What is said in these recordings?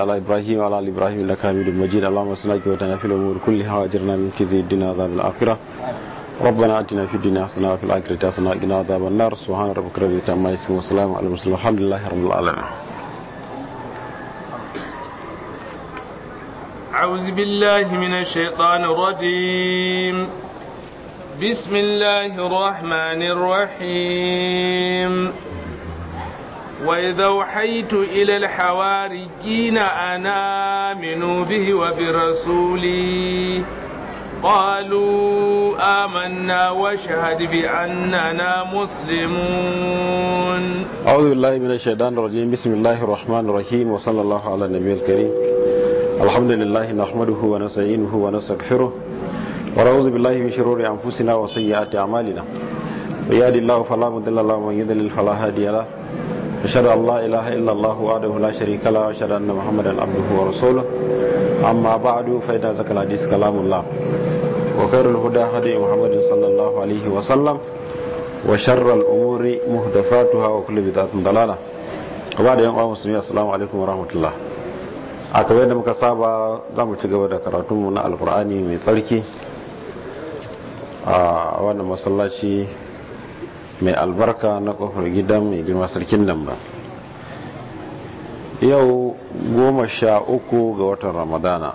على إبراهيم وعلى آل إبراهيم إنك حميد مجيد اللهم صل وسلم في الأمور كلها وأجرنا من كذب الدنيا عذاب الآخرة ربنا آتنا في الدنيا حسنة وفي الآخرة حسنة وقنا عذاب النار سبحان ربك رب العزة عما يصفون وسلام على المرسلين الحمد لله رب العالمين أعوذ بالله من الشيطان الرجيم بسم الله الرحمن الرحيم وإذا أوحيت إلى الحواريين أن آمنوا به وبرسولي قالوا آمنا واشهد بأننا مسلمون أعوذ بالله من الشيطان الرجيم بسم الله الرحمن الرحيم وصلى الله على النبي الكريم الحمد لله نحمده ونستعينه ونستغفره ونعوذ بالله من شرور أنفسنا وسيئات أعمالنا ويهد الله فلا مضل له ومن يضلل فلا هادي له أشهد أن لا إله إلا الله وحده لا شريك له وأشهد أن محمدا عبده ورسوله أما بعد فإن ذكر الحديث كلام الله وخير الهدى هدي محمد صلى الله عليه وسلم وشر الأمور محدثاتها وكل بدعة ضلالة وبعد يوم مسلمين السلام عليكم ورحمة الله a kamar da muka saba za mu ci gaba da karatunmu na alkur'ani mai tsarki a wannan masallaci mai albarka na kofar gidan mai girma sarkin nan ba yau goma sha uku ga watan ramadana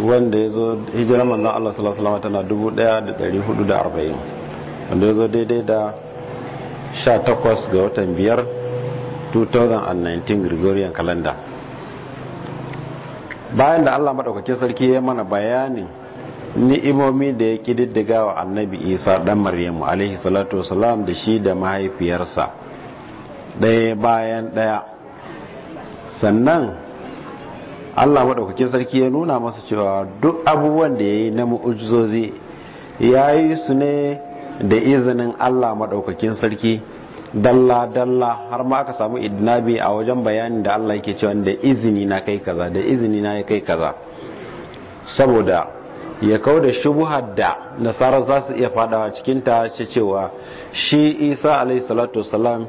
wanda ya zo hijirar manzan Allah salasalama tana 1440 wanda ya zo daidai da 18 ga watan biyar 2019 gregorian calendar bayan da Allah maɗaukakin sarki ya mana bayanin ni'imomi da ya kididdiga wa annabi isa dan maryamu alaihi salatu wasalam da shi da mahaifiyarsa ɗaya bayan ɗaya sannan allah maɗaukakin sarki ya nuna masa cewa duk abubuwan da ya yi na mu'ujizozi ya yi su ne da izinin allah maɗaukakin sarki dalla dalla har ma aka samu idnabi a wajen bayanin da allah yake cewa da izini na kai kaza da izini na kai kaza saboda ya kau da shubuhar da nasara za su iya fadawa cikinta ce cewa shi isa alaihi salatu Salam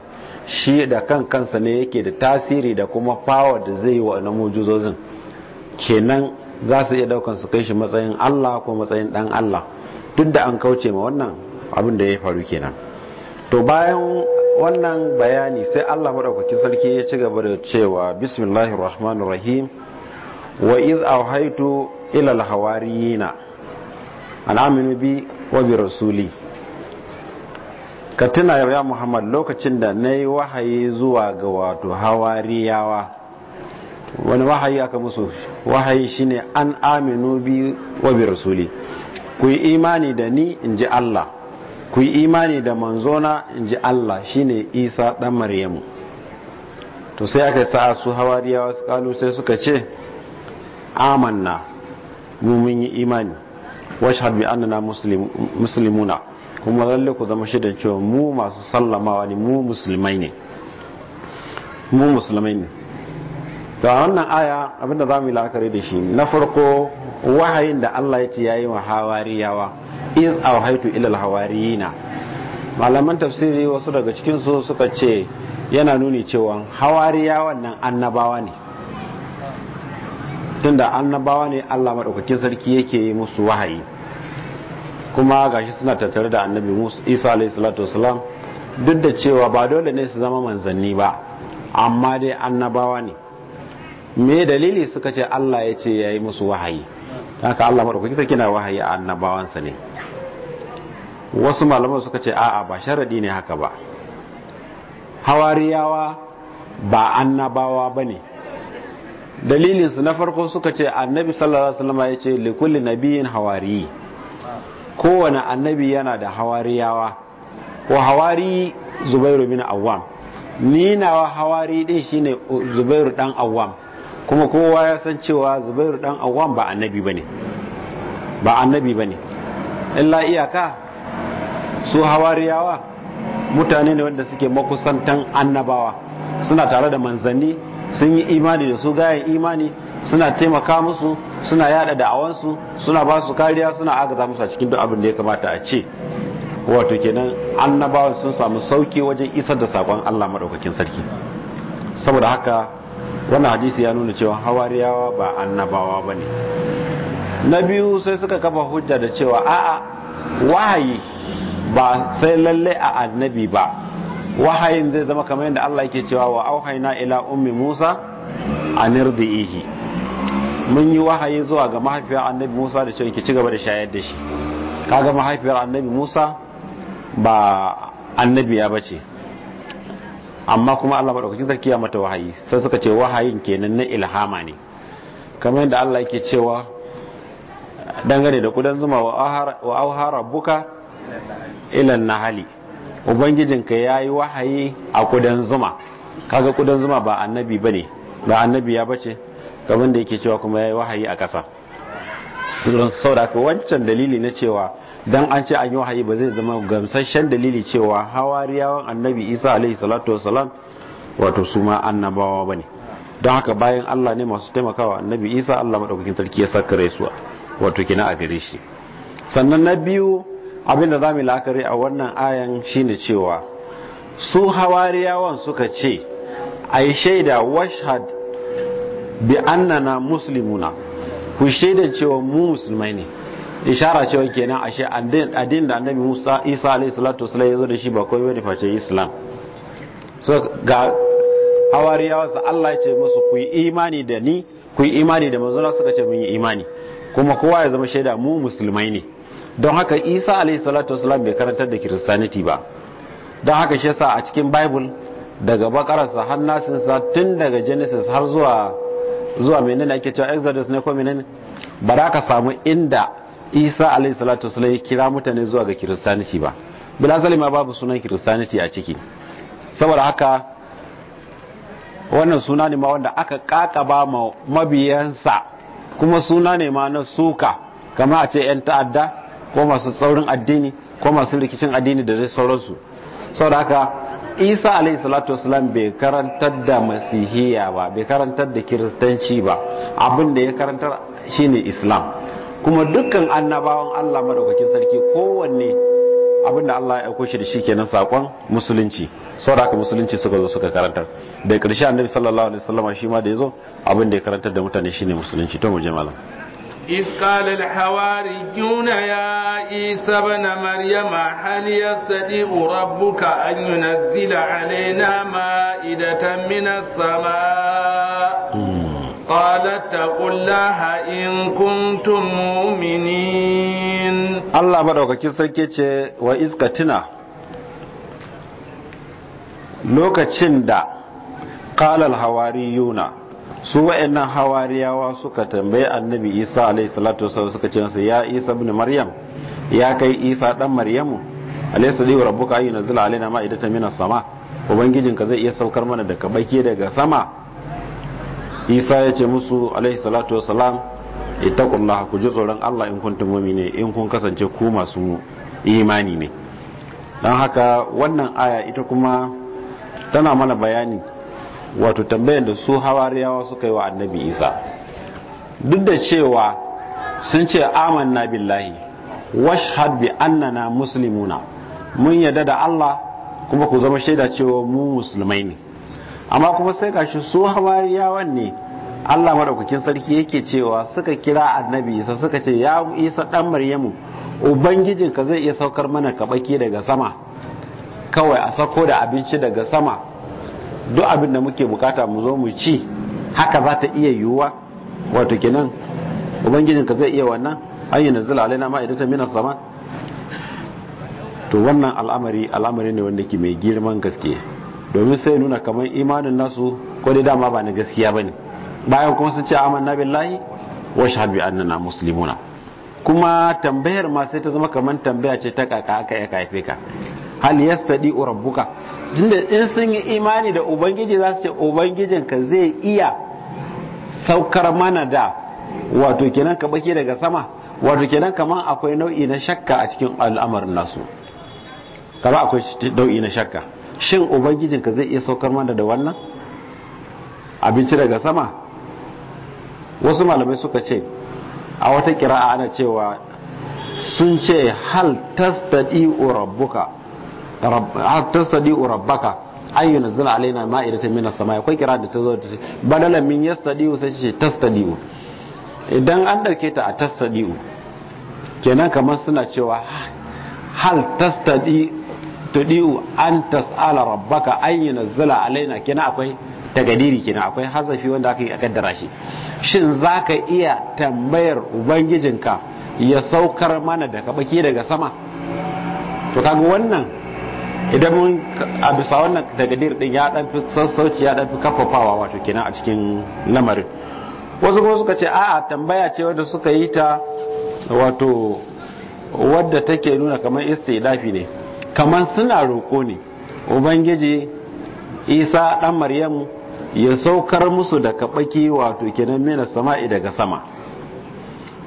shi da kan kansa ne yake da tasiri da kuma fawa da zai yi wa na mujizozin kenan za su iya daukan su kai shi matsayin allah ko matsayin dan allah duk da an kauce ma wannan abin da ya faru kenan to bayan wannan bayani sai allah maɗaukakin sarki ya ci gaba da cewa bismillahirrahmanirrahim rahim wa iz auhaitu ila alhawariyina an aminu bi wa bi rasuli ka tuna ya muhammad lokacin da na yi wahayi zuwa ga wato hawariyawa wani wahayi aka musu wahayi shine an aminu bi wa bi rasuli ku yi imani da ni in ji allah ku yi imani da manzona in ji allah shine isa dan maryamu to sai aka sa su hawariyawa su kalu sai suka ce amanna mu mun yi imani washhad bi annana muslimuna kuma lalle ku zama shaidan cewa mu masu sallamawa ne mu musulmai ne mu musulmai ne da wannan aya abinda za mu yi la'akari da shi na farko wahayin da Allah ya ce yayi wa hawariyawa iz awhaytu ila alhawariyina malaman tafsiri wasu daga cikin su suka ce yana nuni cewa hawariyawan nan annabawa ne tun tunda annabawa ne Allah maɗaukakin sarki yake yi musu wahayi kuma gashi suna tattare da annabi Isa alaihi salatu wasalam duk da cewa ba dole ne su zama manzanni ba amma dai annabawa ne me dalili suka ce Allah ya ce ya yi musu wahayi haka Allah maɗaukakin sarki na wahayi a annabawansa ne wasu malaman suka ce a'a ba sharaɗi ne haka ba hawariyawa ba annabawa ba ne. dalilinsu na farko suka ce annabi sallallahu alaihi wasallam ya ce likulli nabiyin hawari kowane annabi yana da hawariyawa wa hawari zubairu bin awwam ni nawa hawari din shine zubairu dan awwam kuma kowa ya san cewa zubairu dan awwam ba annabi bane ba annabi bane illa iyaka su hawariyawa mutane ne wanda suke makusantan annabawa suna tare da manzanni sun yi imani da su gayan imani suna taimaka musu suna yada da'awansu suna ba su kariya suna agaza musu a cikin duk abin da ya kamata a ce wato kenan annabawan sun samu sauki wajen isar da sakon Allah madaukakin sarki saboda haka wannan hadisi ya nuna cewa hawariyawa ba annabawa bane na biyu sai suka kafa hujja da cewa a'a wahayi ba sai lalle a annabi ba wahayin zai zama kamar yadda Allah yake cewa wa auhayna ila ummi Musa an irdihi mun yi wahayi zuwa ga mahaifiyar annabi Musa da cewa ki ci gaba da shayar da shi kaga mahaifiyar annabi Musa ba annabi ya bace amma kuma Allah madaukakin sarki ya mata wahayi sai suka ce wahayin kenan na ilhama ne kamar yadda Allah yake cewa dangane da kudan zuma wa auhara rabbuka ila nahali ubangijinka ya yi wahayi a kudan zuma kaga kudan zuma ba annabi ba ne ba annabi ya bace gaban da yake cewa kuma ya yi wahayi a ƙasa da ka wancan dalili na cewa dan an ce an yi wahayi ba zai zama gamsashen dalili cewa hawariyawan annabi isa alaihi salatu wasalam wato su ma annabawa ba ne don haka bayan allah ne masu taimakawa annabi isa allah maɗaukakin sarki ya sakare su wato kina a gare shi sannan na biyu abinda za mu lakari a wannan ayan shine cewa su hawariyawan suka ce ai shaida washhad bi annana muslimuna ku shaida cewa mu musulmai ne ishara cewa kenan ashe addin da annabi Musa Isa alayhi salatu wasallam ya zo da shi ba koyi wani face Islam so ga hawariyawa sa Allah ya ce musu ku yi imani da ni ku yi imani da manzon suka ce mun yi imani kuma kowa ya zama shaida mu musulmai ne don haka isa alaihi salatu wasalam bai karantar da kiristaniti ba don haka shi yasa a cikin bible daga bakararsa har tun daga genesis har zuwa zuwa menene ake cewa exodus ne ko menene ba za ka samu inda isa alaihi salatu wasalam ya kira mutane zuwa ga kiristaniti ba bilazali ma babu sunan kiristaniti a ciki saboda haka wannan suna ne ma wanda aka kakaba ma mabiyansa kuma suna ne ma na suka kama a ce 'yan ta'adda ko masu tsaurin addini ko masu rikicin addini da sauransu saboda haka isa alayhi salatu wasalam bai karantar da masihiya ba bai karantar da kiristanci ba abin da ya karantar shine islam kuma dukkan annabawan allah madaukakin sarki kowanne abin da allah ya aiko shi da shi kenan sakon musulunci saboda haka musulunci suka zo suka karantar da ƙarshe annabi sallallahu alaihi wasallam shi ma da yazo abin da ya karantar da mutane shine musulunci to mu je malam إذ قال الحواريون يا عيسى بن مريم هل يستطيع ربك أن ينزل علينا مائدة من السماء قال اتقوا الله إن كنتم مؤمنين الله بارك كيسركي وإذ قتنا لوكتشن دا قال الحواريون su wa'annan hawariyawa suka tambayi annabi isa alaihi salatu wasallam suka ce masa ya isa ibn maryam ya kai isa dan maryamu alaihi salatu rabbuka ayyuna nazila alaina ma'idatan minas sama ubangijinka zai iya saukar mana da kabaki daga sama isa ya ce musu alaihi salatu wasalam ittaqullaha ku ji tsoron Allah in kuntum mu'minin in kun kasance ku masu imani ne dan haka wannan aya ita kuma tana mana bayani wato tambayan da su hawariyawa suka yi wa annabi isa duk da cewa sun ce amanna billahi washhad bi annana musulmuna. mun yadda da Allah kuma ku zama shaida cewa mu musulmai ne amma kuma sai gashi su hawariyawan ne Allah madaukakin sarki yake cewa suka kira annabi isa suka ce ya isa dan maryamu ubangijinka zai iya saukar mana kabaki daga sama kawai a sako da abinci daga sama duk abin da muke bukata mu zo mu ci haka za ta iya yiwuwa wato kenan ubangijin ka zai iya wannan an yi nazila alaina ta minas sama to wannan al'amari al'amari ne wanda ke mai girman gaske domin sai nuna kamar imanin nasu ko dai dama ba na gaskiya ne. bayan kuma sun ce aman amanna billahi wa shahadu annana muslimuna kuma tambayar ma sai ta zama kamar tambaya ce ta kaka aka ya hal yastadi rabbuka tunda in sun yi imani da ubangiji za su ce ubangijinka zai iya saukar mana da wato kenan ka baki daga sama wato kenan kamar akwai nau'i na shakka a cikin al'amarin nasu kama akwai nau'i na shakka shin ubangijinka zai iya saukar mana da wannan abinci daga sama wasu malamai suka ce a wata kira'a ana cewa sun ce hal tastadi'u rabbuka har tasdiu rabbaka an yunzila alaina ma'idatan minas samai akwai kira da tazo da badalan min yastadiu sai ce tastadiu idan an dauke ta a tastadiu kenan kamar suna cewa hal tastadi di'u an tas'ala rabbaka an yunzila alaina kenan akwai tagadiri kenan akwai hazafi wanda aka yi a kaddara shi shin zaka iya tambayar ubangijinka ya saukar mana da kabaki daga sama to kaga wannan idan mun a bisa wannan tagadir din ya dan fi sassauci ya dan fi kafafawa wato kenan a cikin lamarin wasu kuma suka ce a'a tambaya ce wadda suka yi ta wato wadda take nuna kamar istidafi ne kamar suna roƙo ne ubangiji isa dan maryam ya saukar musu da kabaki wato kenan mena sama'i daga sama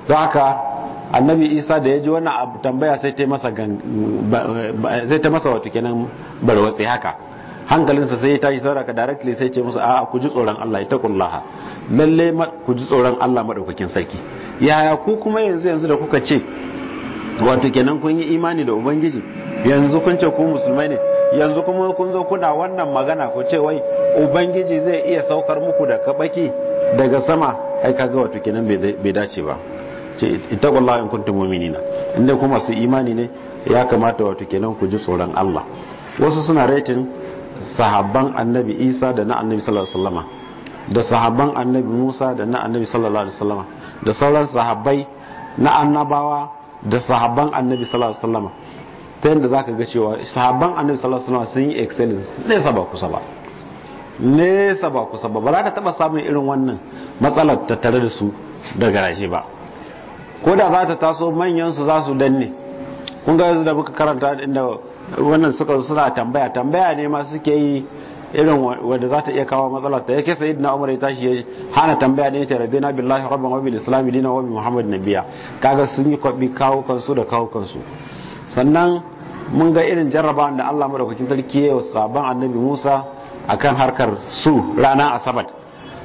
don haka annabi isa da ya ji wannan abu tambaya sai ta masa sai ta masa wato kenan barwatsi haka hankalinsa sai ya tashi sauraka directly sai ce musu a'a ku ji tsoron Allah ya kullaha lalle ku ji tsoron Allah madaukakin sarki yaya ku kuma yanzu yanzu da kuka ce wato kenan kun yi imani da ubangiji yanzu kun ce ku musulmai ne yanzu kuma kun zo kuna wannan magana ku ce wai ubangiji zai iya saukar muku da kabaki daga sama ai kaga wato bai dace ba ce ittaqullaha in kuntum mu'minina inda kuma su imani ne ya kamata wato kenan ku ji tsoron Allah wasu suna rating sahabban annabi Isa da na annabi sallallahu alaihi wasallama da sahabban annabi Musa da na annabi sallallahu alaihi wasallama da sauran sahabbai na annabawa da sahabban annabi sallallahu alaihi wasallama ta yadda ka ga cewa sahabban annabi sallallahu alaihi sun yi excellence nesa ba kusa ba nesa ba kusa ba ba za ka taba samun irin wannan matsalar tattare da su daga rashi ba ko da za ta taso manyan su za su danne kun ga da muka karanta inda wannan suka suna tambaya tambaya ne ma suke yi irin wanda za ta iya kawo matsala ta yake sai na umar ya tashi ya hana tambaya ne ta radina billahi rabban wa bil islam dinan wa bi muhammad nabiya kaga sun yi kwabi kawo kansu da kawo kansu sannan mun ga irin jarraba da Allah madaukakin sarki ya saban annabi Musa akan harkar su rana asabat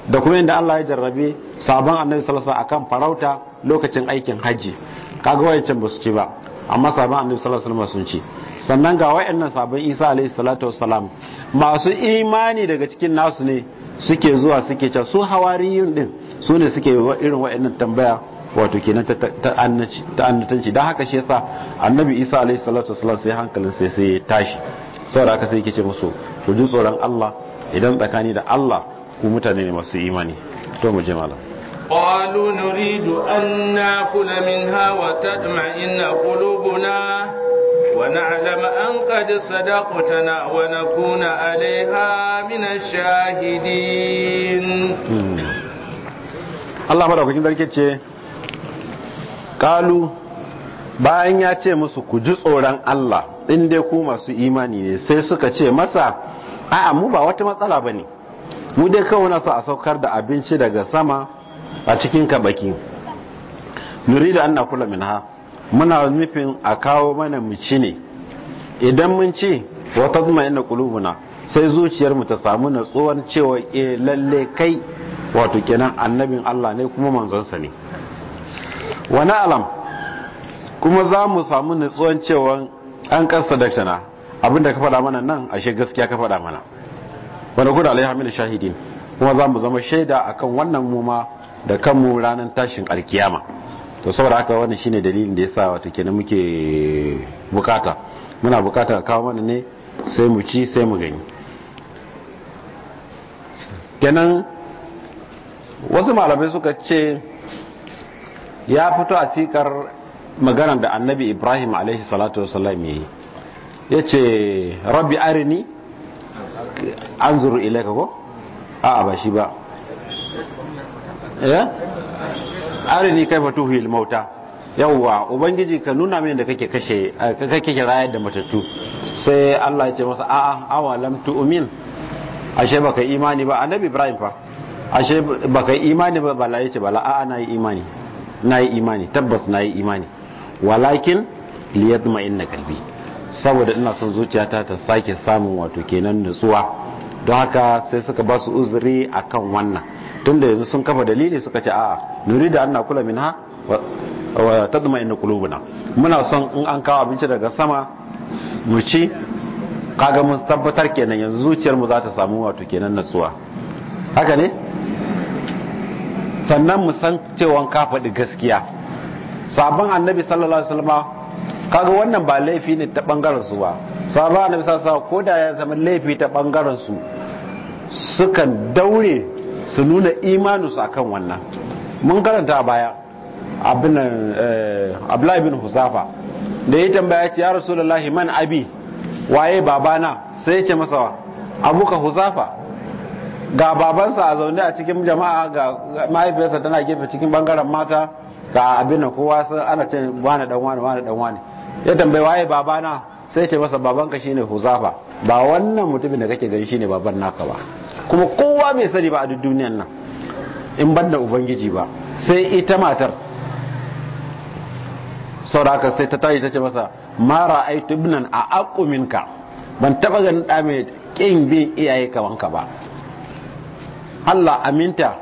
da kuma inda Allah ya jarrabe sabon annabi sallallahu alaihi akan farauta lokacin aikin hajji kaga wayancan ba su ci ba amma sabon annabi sallallahu alaihi sun ci sannan ga wayannan sabon Isa alaihi salatu wassalam masu imani daga cikin nasu ne suke zuwa suke ca su hawariyun din su ne suke irin wayannan tambaya wato kenan ta annatanci don haka shi yasa annabi Isa alaihi salatu wassalam sai hankalin sai sai ya tashi saboda haka sai yake ce musu ku ji tsoron Allah idan tsakani da Allah ku mutane ne masu imani to mu je malam قالوا نريد أن نأكل منها وتطمئن قلوبنا ونعلم أن قد صدقتنا ونكون عليها من الشاهدين Allah madaukakin zarki ce kalu bayan ya ce musu ku ji tsoron Allah in dai ku masu imani ne sai suka ce masa a'a mu ba wata matsala bane mu dai kawai na a saukar da abinci daga sama a cikin kabaki nuri da an min ha, muna nufin a kawo mana mu ci ne idan mun ci zuma tadma'inna kulubuna sai zuciyar mu ta samu natsuwar cewa eh lalle kai wato kenan annabin Allah ne kuma manzansa ne Wani alam kuma za mu samu natsuwar cewa an kasa daktana abinda ka faɗa mana nan ashe gaskiya ka faɗa mana wani kuda alaihamin shahidin kuma za mu zama shaida akan wannan muma da kanmu ranar tashin alkiyama to saboda haka wannan shine dalilin da yasa wato kenan muke bukata muna bukata kawo mana ne sai mu ci sai mu gani kenan wasu malamai suka ce ya fito a sikar magana da annabi ibrahim alaihi salatu wasallam yi ya ce rabbi arini anzuru zuru ilaika ko A'a ba shi ba Eh? ni kai kaifa tuhil mauta yawwa ubangiji ka nuna min da kake kashe kake rayar da matattu sai Allah ya ce masa a awa lam tu'min ashe baka imani ba annabi Ibrahim fa ashe baka imani ba bala yace bala na nayi imani nayi imani tabbas nayi imani walakin liyatma'inna kalbi saboda ina son zuciyata ta sake samun wato kenan nutsuwa don haka sai suka ba su uzuri akan wannan tunda yanzu sun kafa dalili suka ce a nuri da an nakula min ha wa tadma inna qulubuna muna son in an kawo abinci daga sama mu ci kaga mun tabbatar kenan yanzu zuciyar mu za ta samu wato kenan natsuwa haka ne sannan mu san cewa ka faɗi gaskiya sabon annabi sallallahu alaihi wasallam kaga wannan ba laifi ne ta bangaren su ba sabon annabi sallallahu alaihi wasallam ko da ya zama laifi ta bangaren su sukan daure su nuna imaninsu akan wannan mun karanta a baya eh, abdullahi bin husafa da ya tambaya ce ya rasulullahi man abi waye babana sai ya ce masa abuka husafa ga babansa a zaune a cikin jama'a ga mahaifiyarsa tana gefe cikin bangaren mata ga abin da kowa sun ana ce wani dan wani wani dan wani ya tambaye waye babana sai ce masa babanka shine huzafa ba wannan mutumin da kake gani shine baban naka ba kuma kowa mai sani ba a duk duniyan nan in banda ubangiji ba sai ita matar sauraka sai ta tashi ta ce masa mara aitu ibnan a akuminka ban taba ganin da mai kin bin iyaye kaman ka ba Allah aminta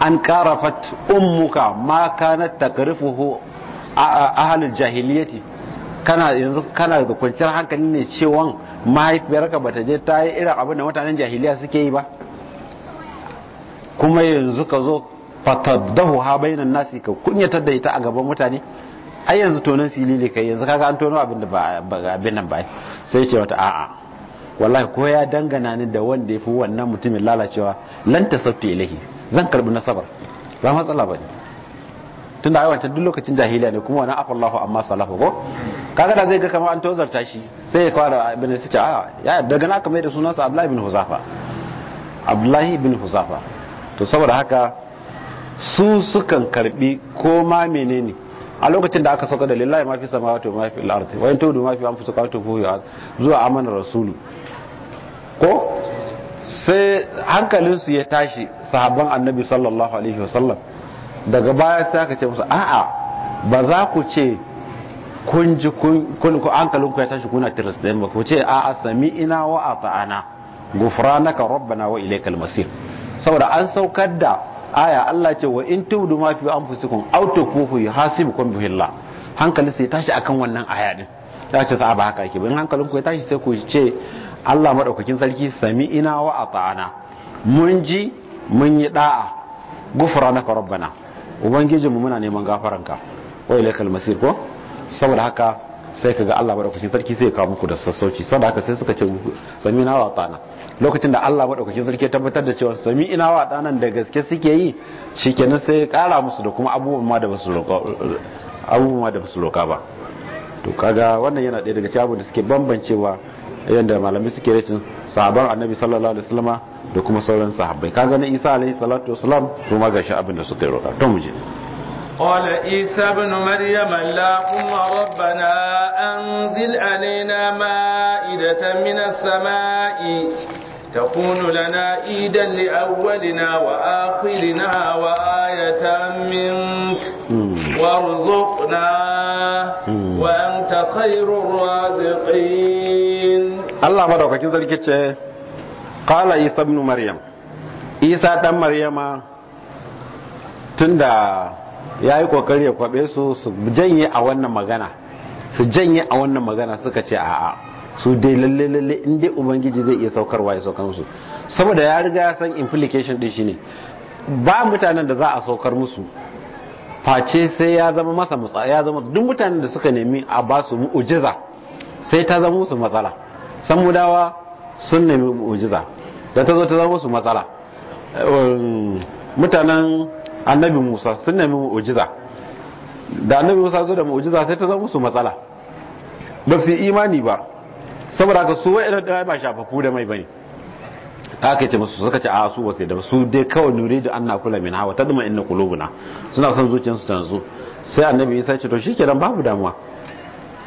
an karafat ummuka ma kanat takrifuhu ahalin jahiliyati kana yanzu kana da kwanciyar hankali ne cewa mahaifiyarka bata je ta yi irin abin da mutanen jahiliya suke yi ba kuma yanzu ka zo fataddahu ha bainan nasi ka kunyatar da ita a gaban mutane ai yanzu tonon silili kai yanzu kaga an tono abin da ba abin nan ba sai ce wata a'a wallahi ko ya dangana ni da wanda ya fi wannan mutumin lalacewa lan tasaffi ilahi zan karbi nasabar ba matsala ba ne tunda ai wancan duk lokacin jahiliya ne kuma wannan afallahu amma salahu ko kaga da zai ga kamar an tozarta shi sai ya kwara ibn Sita a ya daga na kamar da sunansa Abdullahi ibn Huzafa Abdullahi ibn Huzafa to saboda haka su sukan karbi ko ma menene a lokacin da aka sauka da lillahi ma fi samawati wa ma fi al-ardi wa in tudu ma fi anfusikum wa zuwa amana rasulu ko sai hankalinsu ya tashi sahabban annabi sallallahu alaihi wasallam daga baya sai aka ce musu a'a ba za ku ce kun ji kun hankalin ku ya tashi kuna tiras ɗin ba ku ce a sami ina wa a gufranaka rabbana wa ilaikal masir saboda an saukar da aya Allah ce wa in tudu ma fi anfusikum aw tukufu yuhasibukum billah hankali sai tashi akan wannan aya din ta ce sa ba haka yake ba in hankalin ku ya tashi sai ku ce Allah madaukakin sarki sami ina wa a mun ji mun yi da'a gufranaka rabbana ubangijinmu muna neman gafaranka wa ilaikal masir ko saboda haka sai ka ga Allah madaukakin sarki sai ka kawo muku da sassauci saboda haka sai suka ce muku sami na wa na lokacin da Allah madaukakin sarki ya tabbatar da cewa sami ina wa nan da gaske suke yi shikenan sai ya kara musu da kuma abubuwan ma da basu roƙa abubuwan da basu ba to kaga wannan yana ɗaya daga cikin da suke bambancewa yadda malamai suke rikin sahaban annabi sallallahu alaihi wasallama da kuma sauran sahabbai kaga na Isa alaihi salatu wasalam to ma gashi abin da suka yi roƙa to mu je قال عيسى ابن مريم اللهم ربنا أنزل علينا مائدة من السماء تكون لنا عيدا لأولنا وآخرنا وآية منك وارزقنا وأنت خير الرازقين الله مدعوك كذلك قال عيسى ابن مريم عيسى ابن مريم تندى ya yi kokari ya kwabe su su janye a wannan magana su janye a wannan magana suka ce a'a su dai lalle lalle in dai ubangiji zai iya saukarwa ya saukar musu saboda ya riga ya san implication din shine ba mutanen da za a saukar musu face sai ya zama masa ya zama duk mutanen da suka nemi a ba su mu'ujiza sai ta zama musu matsala samudawa sun nemi mu'ujiza da ta zo ta zama musu matsala um, mutanen annabi Musa sun nemi mu'ujiza da annabi Musa zo da mu'ujiza sai ta zama musu matsala ba su yi imani ba saboda ka su wa'ira da ba shafafu da mai bane aka ce musu suka ce a su wasu da su dai kawai nuri da an kula min hawa ta dama inna kulubuna suna son zuciyarsu ta zo sai annabi Isa ce to shikenan babu damuwa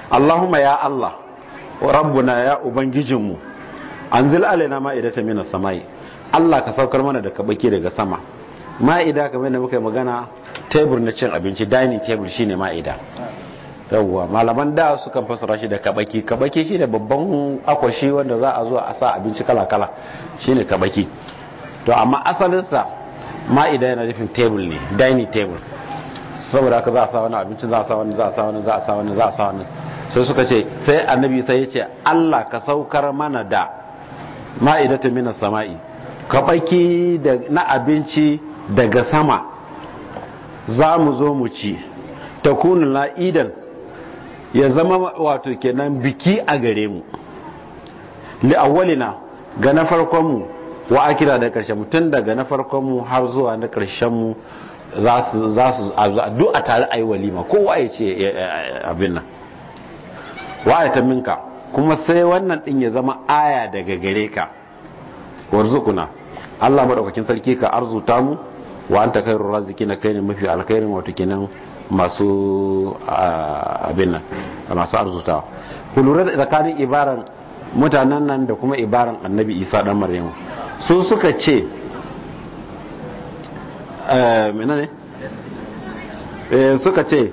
Allahumma ya Allah rabbuna ya ubangijinmu anzil alaina ma'idatan minas samai Allah ka saukar mana da kabake daga sama ma'ida kamar da muka yi magana tebur na cin abinci dining table shine ma'ida yawwa malaman da sukan fasara shi da kabaki kabaki shi da babban akwashi wanda za a zo a sa abinci kala-kala shine kabaki to amma sa ma'ida yana nufin table ne dining table saboda haka za a sa wani abinci za a sa wani za a sa wani za a sa wani za a sa wani sai suka ce sai annabi sai ya ce Allah ka saukar mana da ma'idatu minas sama'i kabaki da na abinci daga sama za mu zo mu ci ta kunin la'idan ya zama wato kenan biki a gare mu li'awwalina ga na farkonmu wa akira da ƙarshen mutum daga na farkonmu har zuwa na mu za su a tare a yi walima kowa ya ce abin nan ta minka kuma sai wannan ɗin ya zama aya daga gare ka warzukuna Allah maɗaukakin sarki ka arzuta mu wa anta khairur raziqina kai ne mafi alkhairin wato kenan masu abin nan masu arzuta ku lura da tsakanin ibaran mutanen nan da kuma ibaran annabi isa dan maryamu su suka ce eh, menene eh, suka ce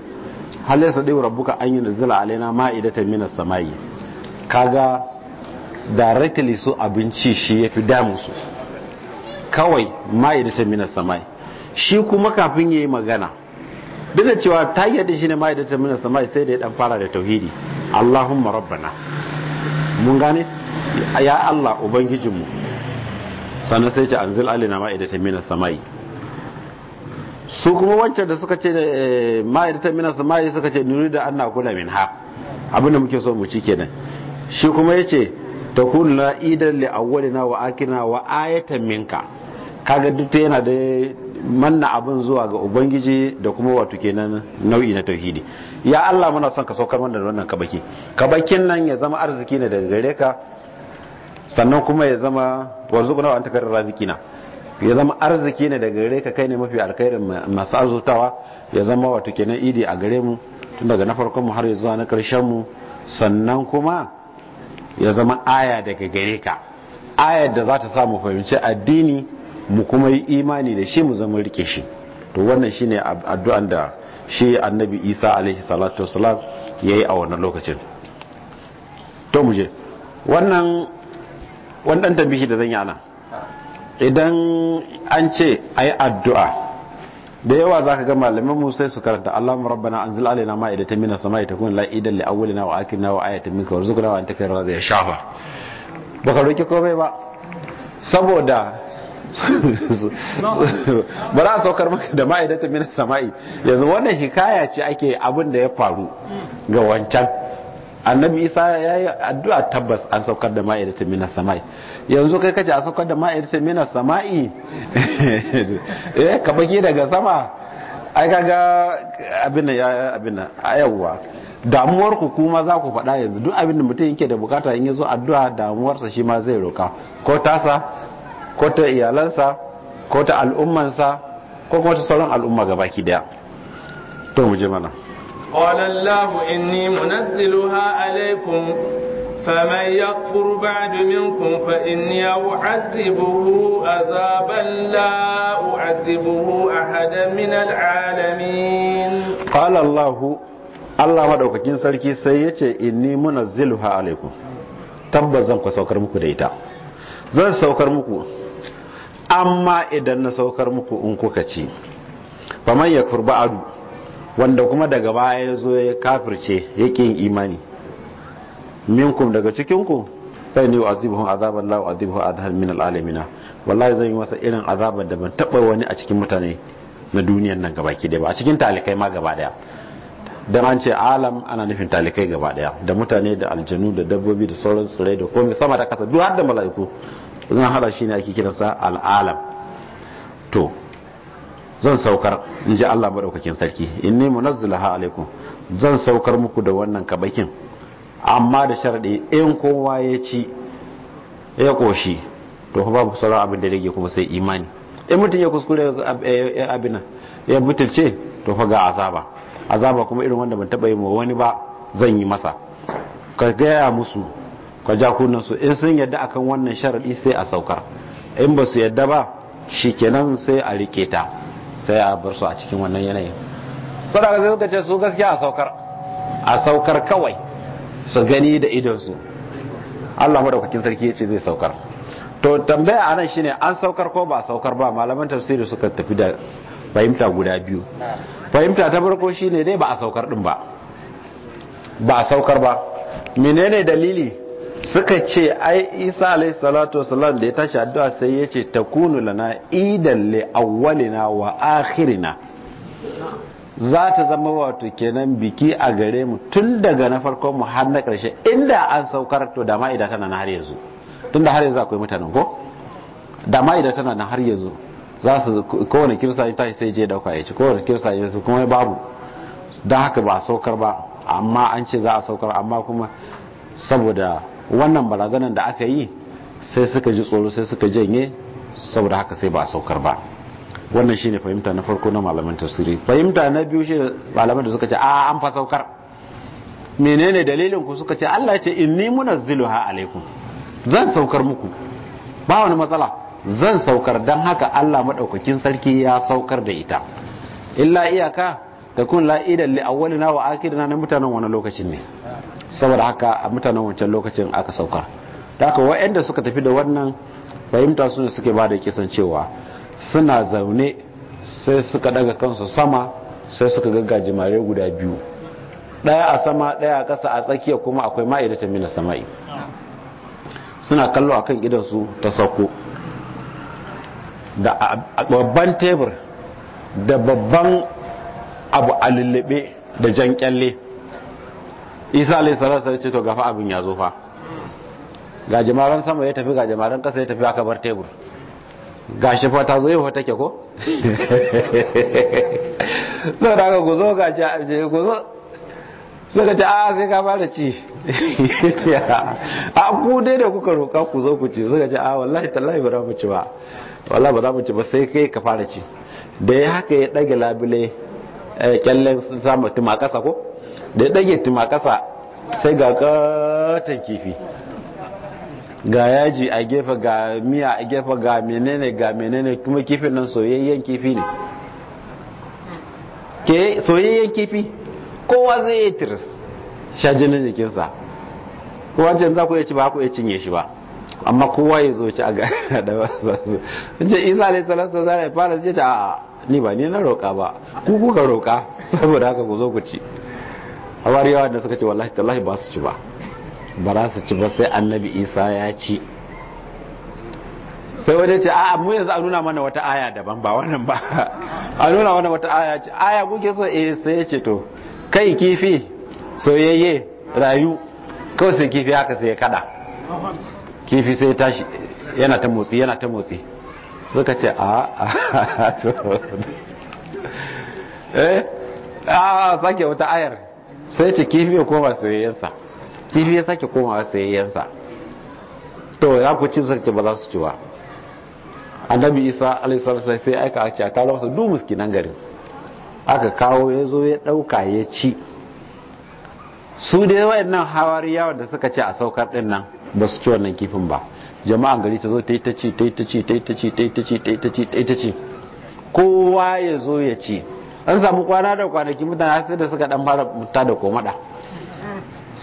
halaysa dai rabbuka an yi nazala alaina ma'idata minas samayi kaga directly su abinci shi ya fi damu su kawai ma'idata minas samayi shi kuma kafin ya yi magana duk da cewa ta yi yadda shi ne ta min samai sai da ya dan fara da tauhidi allahun marabbana mun gane ya Allah ubangijinmu sannan sai ce na ma'aikata ta mina samai su kuma wancan da suka ce eh, ta mina samai suka ce nuri da na kula min ha abinda muke so mu ci kenan shi kuma ce ta la idan li awwalina wa akina wa ayatan minka kaga duk yana da manna abin zuwa ga ubangiji da kuma wato kenan nau'i na tauhidi ya Allah muna son ka saukar mana da wannan kabaki kabakin nan ya zama arziki ne daga gare ka sannan kuma ya zama warzuqna wa anta khairar na, ya zama arziki ne daga gare ka kai ne mafi alkhairin masu azutawa, ya zama wato kenan idi a gare mu tun daga na farkon mu har zuwa na karshen mu sannan kuma ya zama aya daga gare ka ayar da za ta samu fahimci addini mu kuma yi imani da shi mu zama rike shi to wannan shi ne addu'an da shi annabi isa alaihi salatu wasalam ya yi a wannan lokacin to mu je wannan wannan tambihi da zan yi ana idan an ce a yi addu'a da yawa za ka ga malamin mu sai su karanta Allahumma rabbana anzil alaina ma'idatan minas sama'i takun la'idan li awwalina wa akhirina wa ayatan minka warzuqna wa anta khairu radhiya shafa baka roki komai ba saboda ba za a saukar maka da ma'aidatan mina sama'i yanzu wannan hikaya ce ake abin da ya faru ga wancan annabi isa ya yi addu'a tabbas an saukar da ma'aidatan mina sama'i yanzu kai kace a saukar da ma'aidatan mina sama'i eh ka baki daga sama ai kaga abin ya abin ayawa damuwar ku kuma za ku faɗa yanzu duk abin da mutum yake da bukata in zo addu'a damuwarsa shi ma zai roka ko tasa ko ta iyalansa ko ta al'ummansa ko kuma ta sauran al'umma gabaki daya to mu je mana قال الله إني منزلها عليكم فمن يكفر بعد منكم فإني أعذبه عذابا لا أعذبه أحدا من العالمين قال الله Allah madaukakin sarki sai yace inni munazziluha alaikum tabbas zan ku saukar muku da ita zan saukar muku amma idan na saukar muku in kuka ce faman ya kurba adu wanda kuma daga baya ya zo ya kafirce ya ƙin imani minkum daga cikinku sai ne azibuhun azaban lawa azibuhun adhar min al'alamina wallahi zan yi masa irin azabar da ban taɓa wani a cikin mutane na duniyar nan gaba ki ba a cikin talikai ma gaba daya dan an ce alam ana nufin talikai gaba daya da mutane da aljanu da dabbobi da sauran tsirrai da komai sama da kasa duk har da mala'iku zan hada shi ne ake kiransa al'alam to zan saukar in ji Allah maɗaukakin sarki in ne ha alaikun zan saukar muku da wannan kabakin amma da sharaɗi in kowa ya ci ya ƙoshi to babu sauran abin da rage kuma sai imani in mutum ya kuskure abin ya butulce to fa ga azaba azaba kuma irin wanda ban taɓa yi wani ba zan yi masa ka gaya musu ka ja kunansu in sun yadda akan wannan sharaɗi sai a saukar in ba su yadda ba shikenan sai a rike ta sai a bar su a cikin wannan yanayin sadaka sai suka ce su gaskiya a saukar a saukar kawai su gani da idonsu Allah madaukakin sarki ce zai saukar to tambaya anan shine an saukar ko ba saukar ba malaman tafsiri suka tafi da fahimta guda biyu fahimta ta farko shine dai ba a saukar din ba ba a saukar ba menene dalili suka ce ai isa alaihi salatu wasalam da ya tashi addu'a sai ya ce kunu lana idan li awwalina wa akhirina za ta zama wato kenan biki a gare mu tun daga na farkon mu har na karshe inda an saukar to da ma idan tana na har yanzu tun da har yanzu akwai mutanen ko da ma idan tana na har yanzu za su kowane kirsa tashi sai je da ya ci kowane kirsa ya su kuma babu don haka ba a saukar ba amma an ce za a saukar amma kuma saboda wannan balaganan da aka yi sai suka ji tsoro sai suka janye saboda haka sai ba a saukar ba wannan shine fahimta na farko na malamin tafsiri fahimta na biyu shi malaman da suka ce a an fa saukar menene dalilin ku suka ce Allah ya ce inni munazziluha alaikum zan saukar muku ba wani matsala zan saukar dan haka Allah madaukakin sarki ya saukar da ita illa iyaka takun la'idan li awwalina wa akhirina na mutanen wani lokacin ne saboda haka a mutanen wancan lokacin aka sauka da haka wa'anda suka tafi da wannan fahimta su ne suke ba da kisan cewa suna zaune sai suka daga kansu sama sai suka gaggaji mare guda biyu daya a sama daya a kasa a tsakiya kuma akwai ma'idatan mina sama'i suna kallo a kan gidansu ta sauko da babban tebur da babban abu a lullube da jan kyalle isa alayhi salatu ya ce to gafa abin ya zo fa ga jamaran sama ya tafi ga jamaran kasa ya tafi aka bar tebur ga shi fa ta zo yau ke ko so da ga guzo ga ji guzo so ka ce a sai ka fara ci a ku dai da kuka roka ku zo ku ci suka ce a wallahi tallahi ba za mu ci ba wallahi ba za mu ci ba sai kai ka fara ci da ya haka ya dage labule eh, kyallen samun tuma ƙasa ko da ya ɗage tuma ƙasa sai ga ƙatan kifi ga yaji a gefe ga miya a gefe ga menene ga menene kuma kifin nan soyayyen kifi ne ke soyayyen kifi kowa zai yi tiris sha jinin jikinsa kowa jin za ku ci ba ku iya cinye shi ba amma kowa ya zo ci a ga da wasa ce isa ne salasta zara ya fara ce ta ni ba ni na roƙa ba ku kuka roƙa saboda haka ku zo ku ci hawariyawa da suka ce wallahi tallahi ba su ci ba ba za su ci ba sai annabi isa ya ci sai wadda ce a mu yanzu a nuna mana wata aya daban ba wannan ba a nuna mana wata aya ce aya kuke so eh sai ya ce to kai kifi soyayye rayu kawai sai kifi haka sai ya kada kifi sai ya tashi yana ta motsi yana ta motsi suka ce a a to eh a sake wata ayar sai ce kifi ya koma soyayyensa kifi ya sake komawa soyayyensa to ya ku ci sarki ba za su ci ba annabi isa alaihissalam sai aika a ce a kawo masa duk miskinan garin aka kawo ya zo ya ɗauka ya ci su da yawa nan hawar yawa da suka ce a saukar ɗin nan ba su ci wannan kifin ba jama'an gari ta zo ta yi ta ta yi ta ci ta yi ta ci ta yi ta ci ta yi ta ci ta yi ta ci kowa ya zo ya ci an samu kwana da kwanaki mutane sai da suka dan fara mutta da komada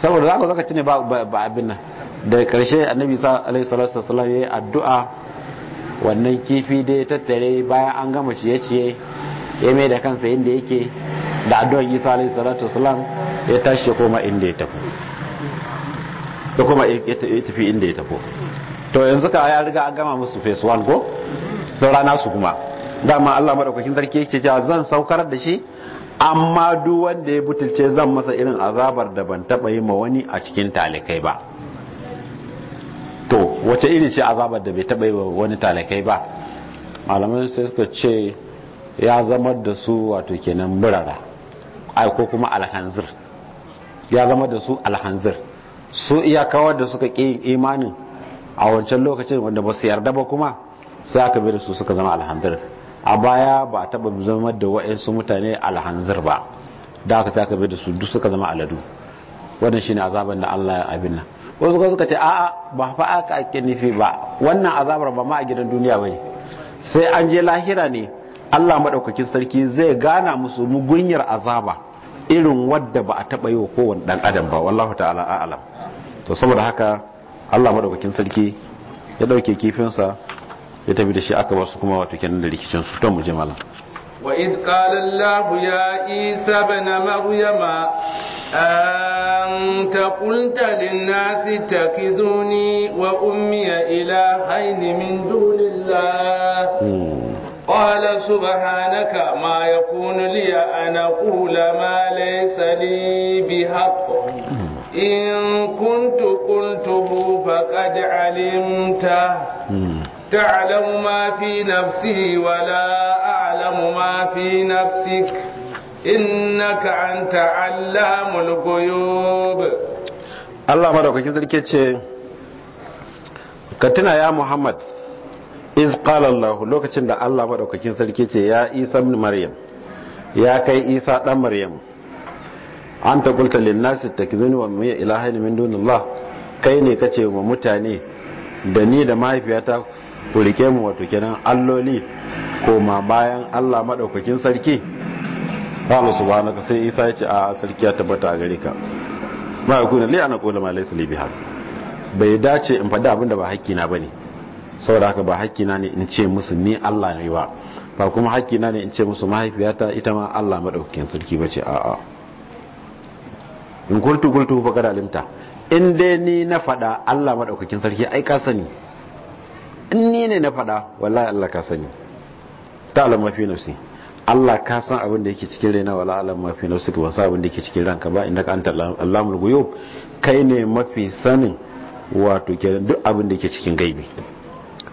saboda za ka zaka cine ba ba abin nan da karshe annabi alaihi salatu wasallam yayi addu'a wannan kifi da ya tattare bayan an gama ya ciye ya mai da kansa inda yake da addu'a Isa alaihi salatu wasallam ya tashi ya koma inda ya tafi ya koma ya tafi inda ya tafi to yanzu ka ya riga an gama musu phase 1 ko sau rana su kuma dama Allah madaukakin sarki yake cewa zan saukar da shi amma duk wanda ya butulce zan masa irin azabar da ban taba yi ma wani a cikin talikai ba to wace irin ce azabar da bai taba yi wani talikai ba malamai sai suka ce ya zama da su wato kenan burara ai ko kuma alhanzir ya zama da su alhanzir su iya kawar da suka ke imanin a wancan lokacin wanda ba su yarda ba kuma sai aka bi da su suka zama alhanzir a baya ba a taba zama da wa'ansu mutane alhanzir ba da aka saka bai da su duk suka zama aladu wannan shine azaban da Allah ya abin wasu kuma suka ce a'a ba fa aka ake nufi ba wannan azabar ba ma a gidan duniya bane sai an je lahira ne Allah madaukakin sarki zai gana musu mugunyar azaba irin wadda ba a taba yi wa kowane dan adam ba wallahu ta'ala a'lam to saboda haka Allah madaukakin sarki ya dauke kifinsa ya tafi da shi aka ba su kuma wato kenan da rikicin su don muje mala wa id qala ya isa ibn maryam anta qulta lin nasi takizuni wa ummi ila hayni min dunillahi hmm. qala subhanaka ma yakunu li an aqula ma laysa li bihaqq hmm. in kuntu qultu faqad alimta hmm. تعلم ما في نفسي ولا أعلم ما في نفسك إنك أنت علام الغيوب الله مدعوك كذلك كتنا يا محمد iz qala lokacin da Allah maɗaukakin sarki ce ya Isa Maryam ya kai Isa ɗan Maryam anta qulta lin nasi takzuni wa ma ilaha illa min dunillah kai ne kace wa mutane da ni da mahaifiyata ku rike mu wato kenan alloli ko ma bayan Allah madaukakin sarki Allah subhanaka sai Isa ya ce a sarki ya tabbata a gare ka ba ku ne liya ana kula ma laysa li bihaq bai dace in faɗi abinda ba hakki na bane saboda haka ba hakki na ne in ce musu ni Allah ne ba ba kuma hakki na ne in ce musu mahaifiyata ita ma Allah madaukakin sarki bace a a in kultu kultu fa kada limta in dai ni na faɗa Allah madaukakin sarki ai ka sani in ni ne na faɗa wallahi Allah ka sani ta alama fi nafsi Allah ka san abin da yake cikin raina wala alama fi nafsi ba san abin da yake cikin ranka ba inda ka anta Allahul guyub kai ne mafi sanin wato ke duk abin da yake cikin gaibi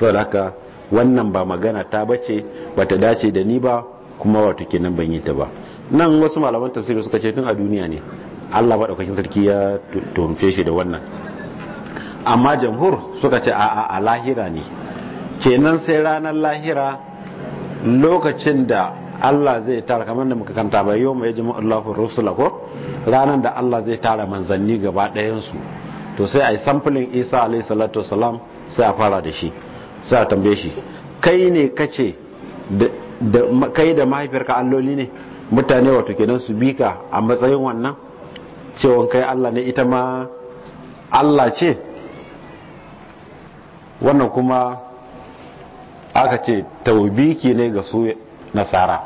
saboda haka wannan ba magana ta bace bata dace da ni ba kuma wato kenan ban yi ta ba nan wasu malaman tafsiri suka ce tun a duniya ne Allah maɗaukakin sarki ya tumfe shi da wannan amma jamhur suka ce a a lahira ne kenan sai ranar lahira lokacin da Allah zai tara kamar da muka kanta bai yau mai jima Allahu rusula ko ranar da Allah zai tara manzanni gaba ɗayansu to sai a yi samfulin Isa alaihi salatu wasalam sai a fara da shi sai a tambaye shi kai ne kace ce kai da mahaifiyarka alloli ne mutane wato kenan su bika a matsayin wannan cewon kai Allah ne ita ma Allah ce wannan kuma aka ce taubiki ne ga su nasara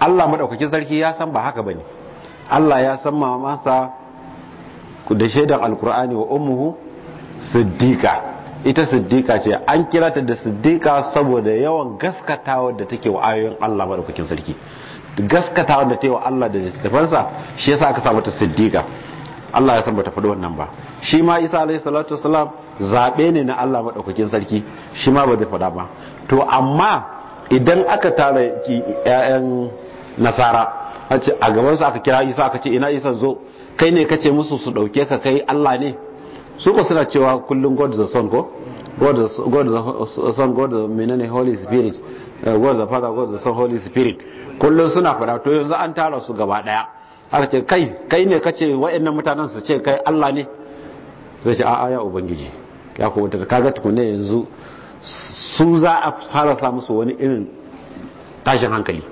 Allah maɗaukakin sarki ya san ba haka bane Allah ya san mamansa da shaidan alkur'ani wa ummuhu siddiqa ita siddiqa ce an kira ta da siddiqa saboda yawan gaskatawa da take wa ayoyin Allah madaukakin sarki gaskatawa da take wa Allah da tafansa shi yasa aka sa mata siddiqa Allah ya san bata faɗi wannan ba shi ma Isa alaihi salatu wasalam zaɓe ne na Allah maɗaukakin sarki shi ma ba zai faɗa ba to amma idan aka tara ƴaƴan nasara a ce a gaban su aka kira isa aka ce ina isa zo kai ne kace musu su ɗauke ka kai Allah ne su ko suna cewa kullum God the son ko God the son God the menene Holy Spirit uh, God the Father God the Son Holy Spirit kullum suna faɗa to yanzu an tara su gaba ɗaya aka ce kai kai ne kace wa'annan mutanen su ce kai Allah ne zai ce a'a ya ubangiji ya kuma daga kaga tukunan yanzu su za a fara sa musu wani irin tashin hankali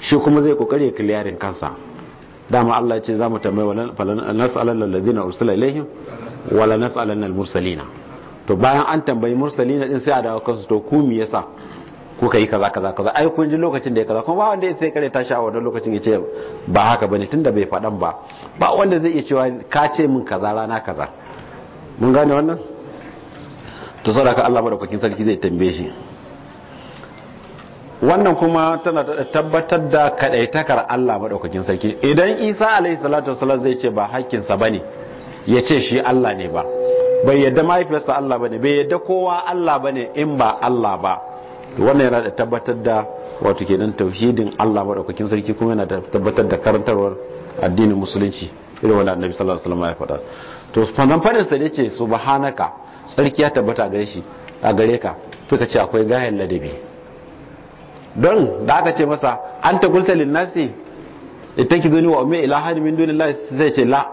shi kuma zai kokari ya kiliyarin kansa dama Allah ce za mu tambaye wa nas'alal ladina ursula ilaihim wa la al mursalina to bayan an tambayi mursalina din sai a dawo kansu to ku me yasa kuka yi kaza kaza kaza ai kun ji lokacin da ya kaza kuma ba wanda sai kare tashi a wannan lokacin ya ce ba haka bane tunda bai fadan ba ba wanda zai iya cewa ka ce min kaza rana kaza mun gane wannan to saboda Allah madaukakin sarki zai tambaye shi wannan kuma tana tabbatar da kadaitakar Allah madaukakin sarki idan Isa alaihi salatu wasallam zai ce ba hakkin sa bane ya ce shi Allah ne ba bai yadda mahaifiyarsa Allah bane bai yadda kowa Allah bane in ba Allah ba to wannan yana da tabbatar da wato kenan tauhidin Allah madaukakin sarki kuma yana da tabbatar da karantarwar addinin musulunci irin wanda Annabi sallallahu alaihi wasallam ya faɗa to fannan fadin sa ce subhanaka tsarki ya tabbata gare shi a gare ka suka ce akwai gayan ladabi don da aka ce masa an ta gulta linnasi ita ki zuni wa ila ilahani min dunillahi zai ce la